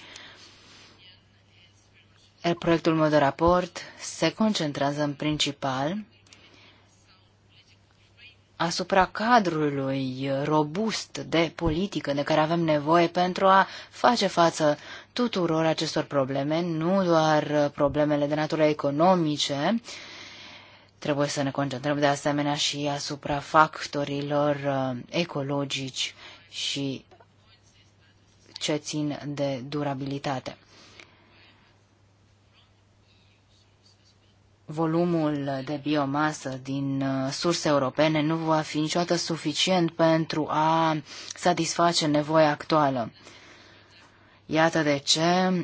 Proiectul meu de raport se concentrează în principal asupra cadrului robust de politică de care avem nevoie pentru a face față tuturor acestor probleme, nu doar problemele de natură economice. Trebuie să ne concentrăm de asemenea și asupra factorilor uh, ecologici și ce țin de durabilitate. volumul de biomasă din uh, surse europene nu va fi niciodată suficient pentru a satisface nevoia actuală. Iată de ce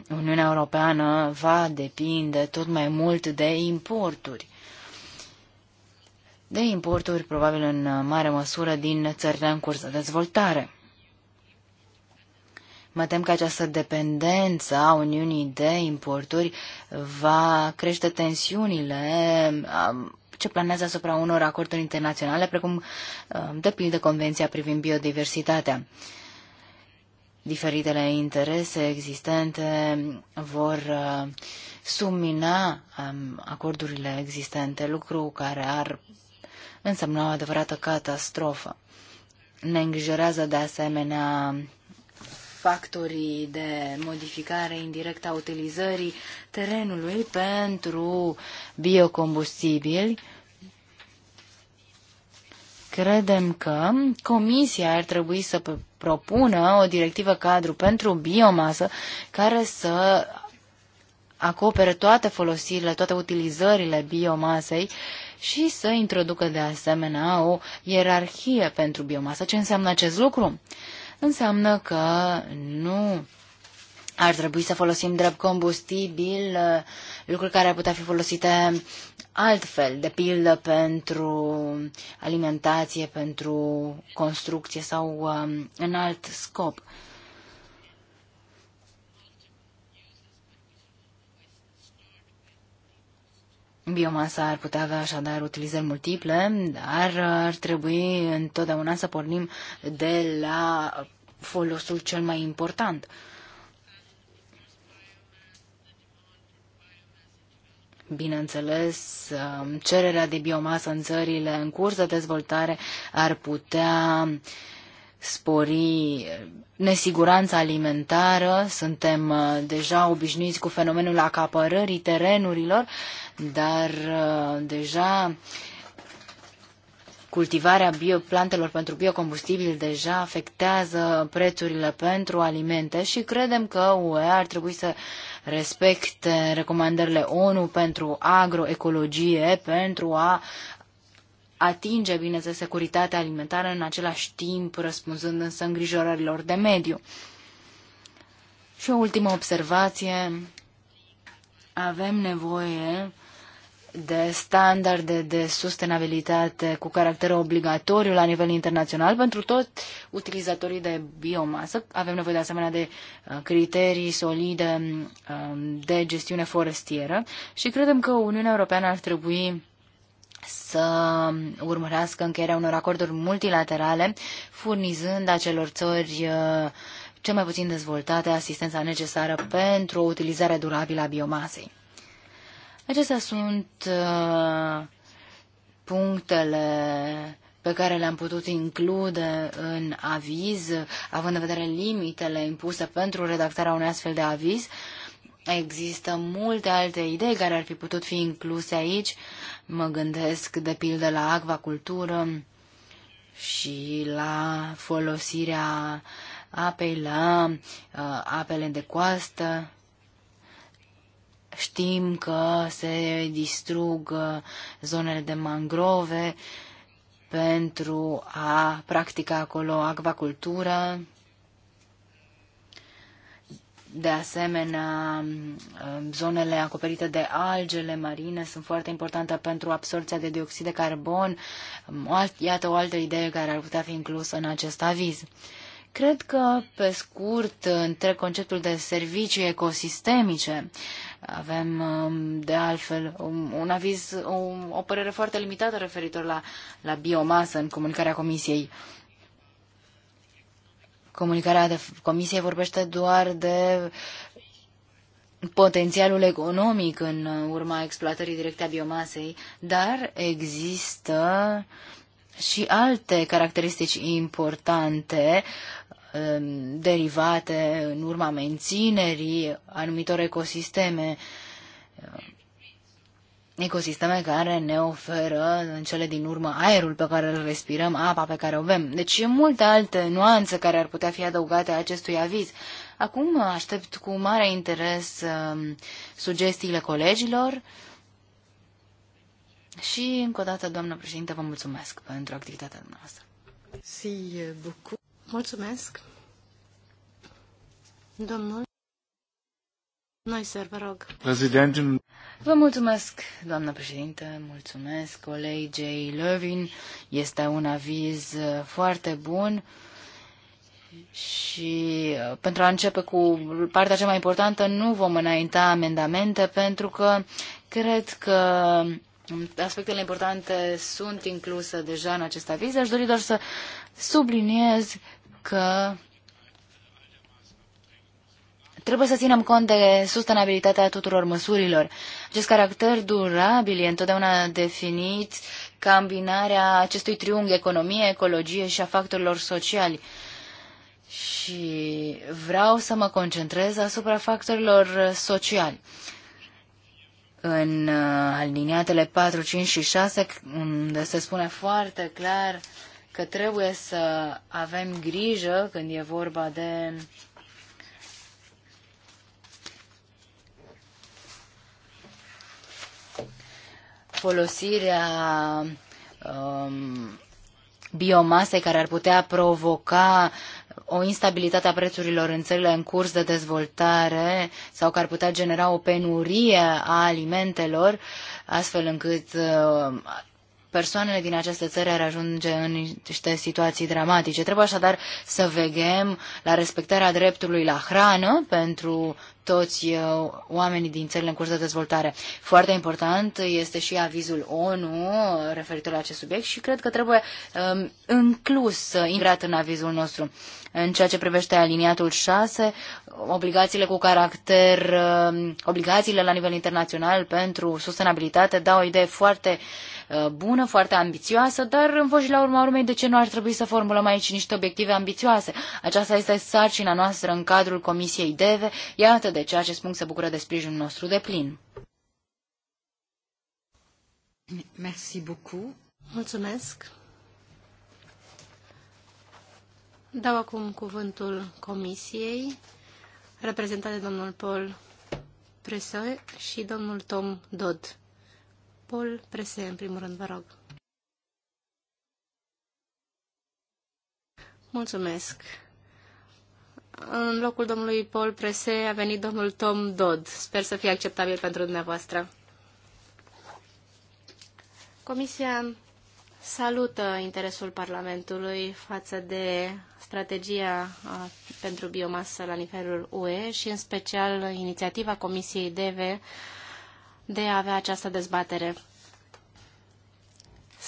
Uniunea Europeană va depinde tot mai mult de importuri. De importuri, probabil în mare măsură, din țările în curs de dezvoltare. Mă tem că această dependență a Uniunii de importuri va crește tensiunile um, ce planează asupra unor acorduri internaționale, precum, um, de pildă, Convenția privind biodiversitatea diferitele interese existente vor uh, submina um, acordurile existente, lucru care ar însemna o adevărată catastrofă. Ne îngrijorează de asemenea factorii de modificare indirectă a utilizării terenului pentru biocombustibili, credem că Comisia ar trebui să propună o directivă cadru pentru biomasă care să acopere toate folosirile, toate utilizările biomasei și să introducă de asemenea o ierarhie pentru biomasă. Ce înseamnă acest lucru? Înseamnă că nu ar trebui să folosim drept combustibil uh, lucruri care ar putea fi folosite altfel, de pildă pentru alimentație, pentru construcție sau um, în alt scop. Biomasa ar putea avea așadar utilizări multiple, dar uh, ar trebui întotdeauna să pornim de la folosul cel mai important. Bineînțeles, um, cererea de biomasă în țările în curs de dezvoltare ar putea spori nesiguranța alimentară. Suntem uh, deja obișnuiți cu fenomenul acapărării terenurilor, dar uh, deja cultivarea bio, plantelor pentru biocombustibil deja afectează prețurile pentru alimente și credem că UE ar trebui să respecte recomandările ONU pentru agroecologie, pentru a atinge, bineînțeles, securitatea alimentară în același timp, răspunzând însă îngrijorărilor de mediu. Și o ultimă observație. Avem nevoie de standarde de sustenabilitate cu caracter obligatoriu la nivel internațional pentru toți utilizatorii de biomasă. Avem nevoie de asemenea de uh, criterii solide um, de gestiune forestieră și credem că Uniunea Europeană ar trebui să urmărească încheierea unor acorduri multilaterale, furnizând acelor țări uh, cel mai puțin dezvoltate asistența necesară pentru o utilizare durabilă a biomasei. Acestea sunt uh, punctele pe care le-am putut include în aviz, având în vedere limitele impuse pentru redactarea unui astfel de aviz. Există multe alte idei care ar fi putut fi incluse aici. Mă gândesc de pildă la acvacultură și la folosirea apei, la uh, apele de coastă. Știm că se distrug uh, zonele de mangrove pentru a practica acolo acvacultură. De asemenea, um, zonele acoperite de algele marine sunt foarte importante pentru absorpția de dioxid de carbon. Iată o altă idee care ar putea fi inclusă în acest aviz. Cred că, pe scurt, între conceptul de servicii ecosistemice, avem, um, de altfel, um, un, aviz, o, um, o părere foarte limitată referitor la, la biomasă în comunicarea Comisiei. Comunicarea de Comisiei vorbește doar de potențialul economic în urma exploatării directe a biomasei, dar există și alte caracteristici importante derivate în urma menținerii anumitor ecosisteme, ecosisteme care ne oferă în cele din urmă aerul pe care îl respirăm, apa pe care o bem. Deci e multe alte nuanțe care ar putea fi adăugate acestui aviz. Acum aștept cu mare interes um, sugestiile colegilor și încă o dată, doamnă președinte, vă mulțumesc pentru activitatea noastră. Si, uh, beaucoup. Mulțumesc. Domnul Noiser, vă rog. Vă mulțumesc, doamnă președintă, mulțumesc J. Lovin. Este un aviz foarte bun. Și pentru a începe cu partea cea mai importantă, nu vom înainta amendamente pentru că cred că aspectele importante sunt incluse deja în acest aviz. Aș dori doar să subliniez că trebuie să ținem cont de sustenabilitatea tuturor măsurilor. Acest caracter durabil e întotdeauna definit ca îmbinarea acestui triunghi economie, ecologie și a factorilor sociali. Și vreau să mă concentrez asupra factorilor sociali. În uh, aliniatele 4, 5 și 6, unde se spune foarte clar uh, că trebuie să avem grijă când e vorba de folosirea um, biomasei care ar putea provoca o instabilitate a prețurilor în țările în curs de dezvoltare sau care ar putea genera o penurie a alimentelor, astfel încât uh, persoanele din aceste țări ar ajunge în niște situații dramatice. Trebuie așadar să veghem la respectarea dreptului la hrană pentru toți uh, oamenii din țările în curs de dezvoltare. Foarte important este și avizul ONU referitor la acest subiect și cred că trebuie um, inclus, uh, ingrat în avizul nostru. În ceea ce privește aliniatul 6, obligațiile cu caracter, um, obligațiile la nivel internațional pentru sustenabilitate dau o idee foarte uh, bună, foarte ambițioasă, dar în și la urma urmei de ce nu ar trebui să formulăm aici niște obiective ambițioase. Aceasta este sarcina noastră în cadrul Comisiei DEVE. Iată de ceea ce spun se bucură de sprijinul nostru de plin. Merci beaucoup. Mulțumesc. Dau acum cuvântul comisiei, reprezentat de domnul Paul Prese și domnul Tom Dodd. Paul Prese, în primul rând, vă rog. Mulțumesc. În locul domnului Paul Prese a venit domnul Tom Dodd. Sper să fie acceptabil pentru dumneavoastră. Comisia salută interesul Parlamentului față de strategia pentru biomasă la nivelul UE și în special inițiativa Comisiei DEVE de a avea această dezbatere.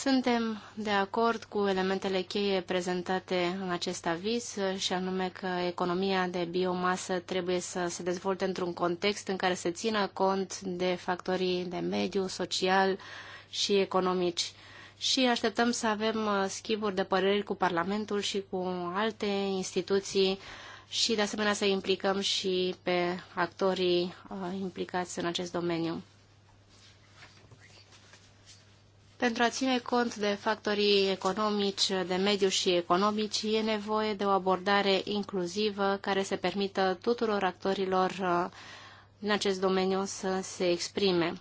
Suntem de acord cu elementele cheie prezentate în acest aviz, și anume că economia de biomasă trebuie să se dezvolte într-un context în care se țină cont de factorii de mediu, social și economici. Și așteptăm să avem uh, schimburi de păreri cu Parlamentul și cu alte instituții și, de asemenea, să implicăm și pe actorii uh, implicați în acest domeniu. Pentru a ține cont de factorii economici, de mediu și economici, e nevoie de o abordare inclusivă care să permită tuturor actorilor în uh, acest domeniu să se exprime.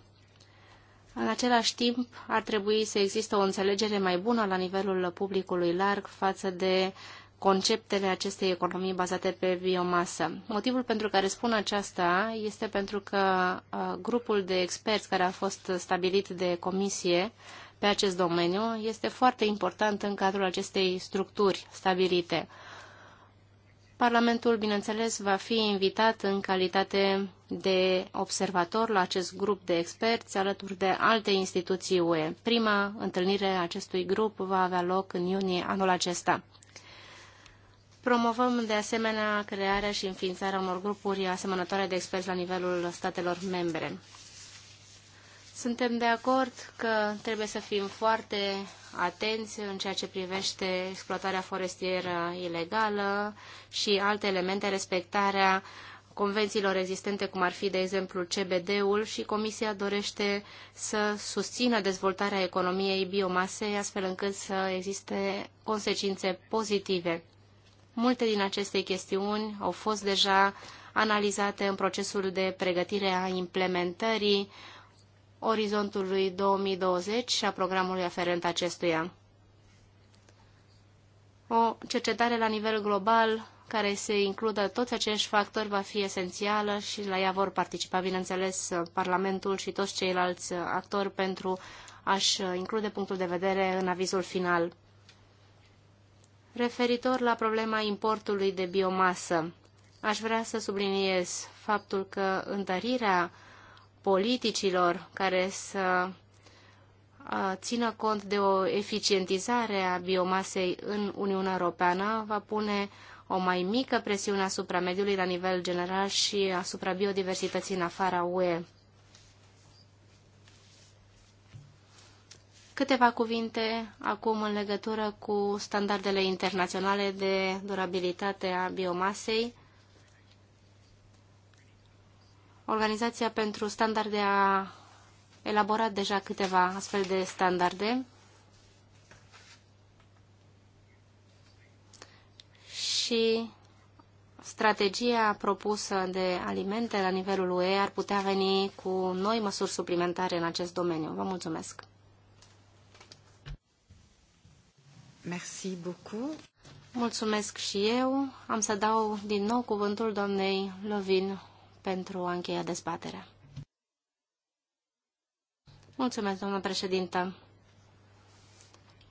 În același timp, ar trebui să există o înțelegere mai bună la nivelul publicului larg față de conceptele acestei economii bazate pe biomasă. Motivul pentru care spun aceasta este pentru că uh, grupul de experți care a fost stabilit de comisie pe acest domeniu este foarte important în cadrul acestei structuri stabilite. Parlamentul, bineînțeles, va fi invitat în calitate de observator la acest grup de experți alături de alte instituții UE. Prima întâlnire a acestui grup va avea loc în iunie anul acesta. Promovăm de asemenea crearea și înființarea unor grupuri asemănătoare de experți la nivelul statelor membre. Suntem de acord că trebuie să fim foarte atenți în ceea ce privește exploatarea forestieră ilegală și alte elemente, respectarea convențiilor existente, cum ar fi, de exemplu, CBD-ul și Comisia dorește să susțină dezvoltarea economiei biomasei, astfel încât să existe consecințe pozitive. Multe din aceste chestiuni au fost deja analizate în procesul de pregătire a implementării orizontului 2020 și a programului aferent acestuia. O cercetare la nivel global care se includă toți acești factori va fi esențială și la ea vor participa, bineînțeles, Parlamentul și toți ceilalți actori pentru a-și include punctul de vedere în avizul final. Referitor la problema importului de biomasă, aș vrea să subliniez faptul că întărirea politicilor care să țină cont de o eficientizare a biomasei în Uniunea Europeană va pune o mai mică presiune asupra mediului la nivel general și asupra biodiversității în afara UE. Câteva cuvinte acum în legătură cu standardele internaționale de durabilitate a biomasei Organizația pentru Standarde a elaborat deja câteva astfel de standarde și strategia propusă de alimente la nivelul UE ar putea veni cu noi măsuri suplimentare în acest domeniu. Vă mulțumesc! Merci beaucoup. Mulțumesc și eu. Am să dau din nou cuvântul doamnei Lovin pentru a încheia dezbaterea. Mulțumesc, doamnă președintă.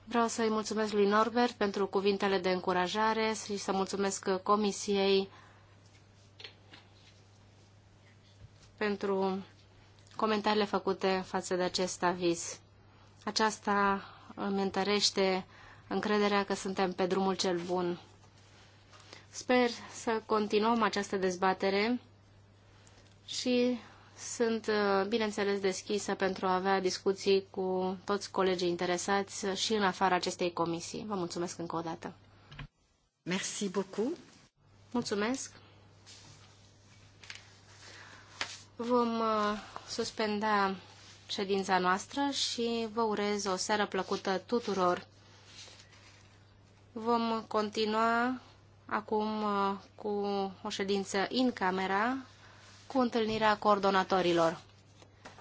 Vreau să-i mulțumesc lui Norbert pentru cuvintele de încurajare și să mulțumesc Comisiei pentru comentariile făcute față de acest aviz. Aceasta îmi întărește încrederea că suntem pe drumul cel bun. Sper să continuăm această dezbatere și sunt, uh, bineînțeles, deschisă pentru a avea discuții cu toți colegii interesați și în afara acestei comisii. Vă mulțumesc încă o dată. Merci beaucoup. Mulțumesc. Vom uh, suspenda ședința noastră și vă urez o seară plăcută tuturor. Vom continua acum uh, cu o ședință în camera cu întâlnirea coordonatorilor.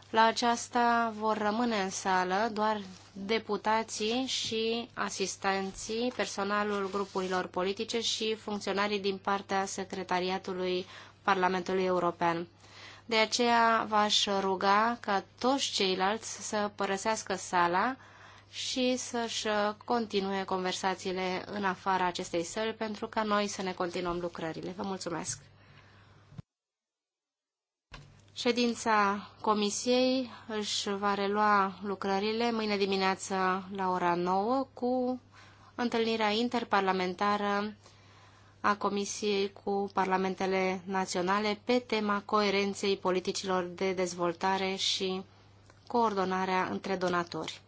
La aceasta vor rămâne în sală doar deputații și asistenții, personalul grupurilor politice și funcționarii din partea Secretariatului Parlamentului European. De aceea v-aș ruga ca toți ceilalți să părăsească sala și să-și continue conversațiile în afara acestei săli pentru ca noi să ne continuăm lucrările. Vă mulțumesc! Ședința comisiei își va relua lucrările mâine dimineață la ora 9 cu întâlnirea interparlamentară a Comisiei cu Parlamentele Naționale pe tema coerenței politicilor de dezvoltare și coordonarea între donatori.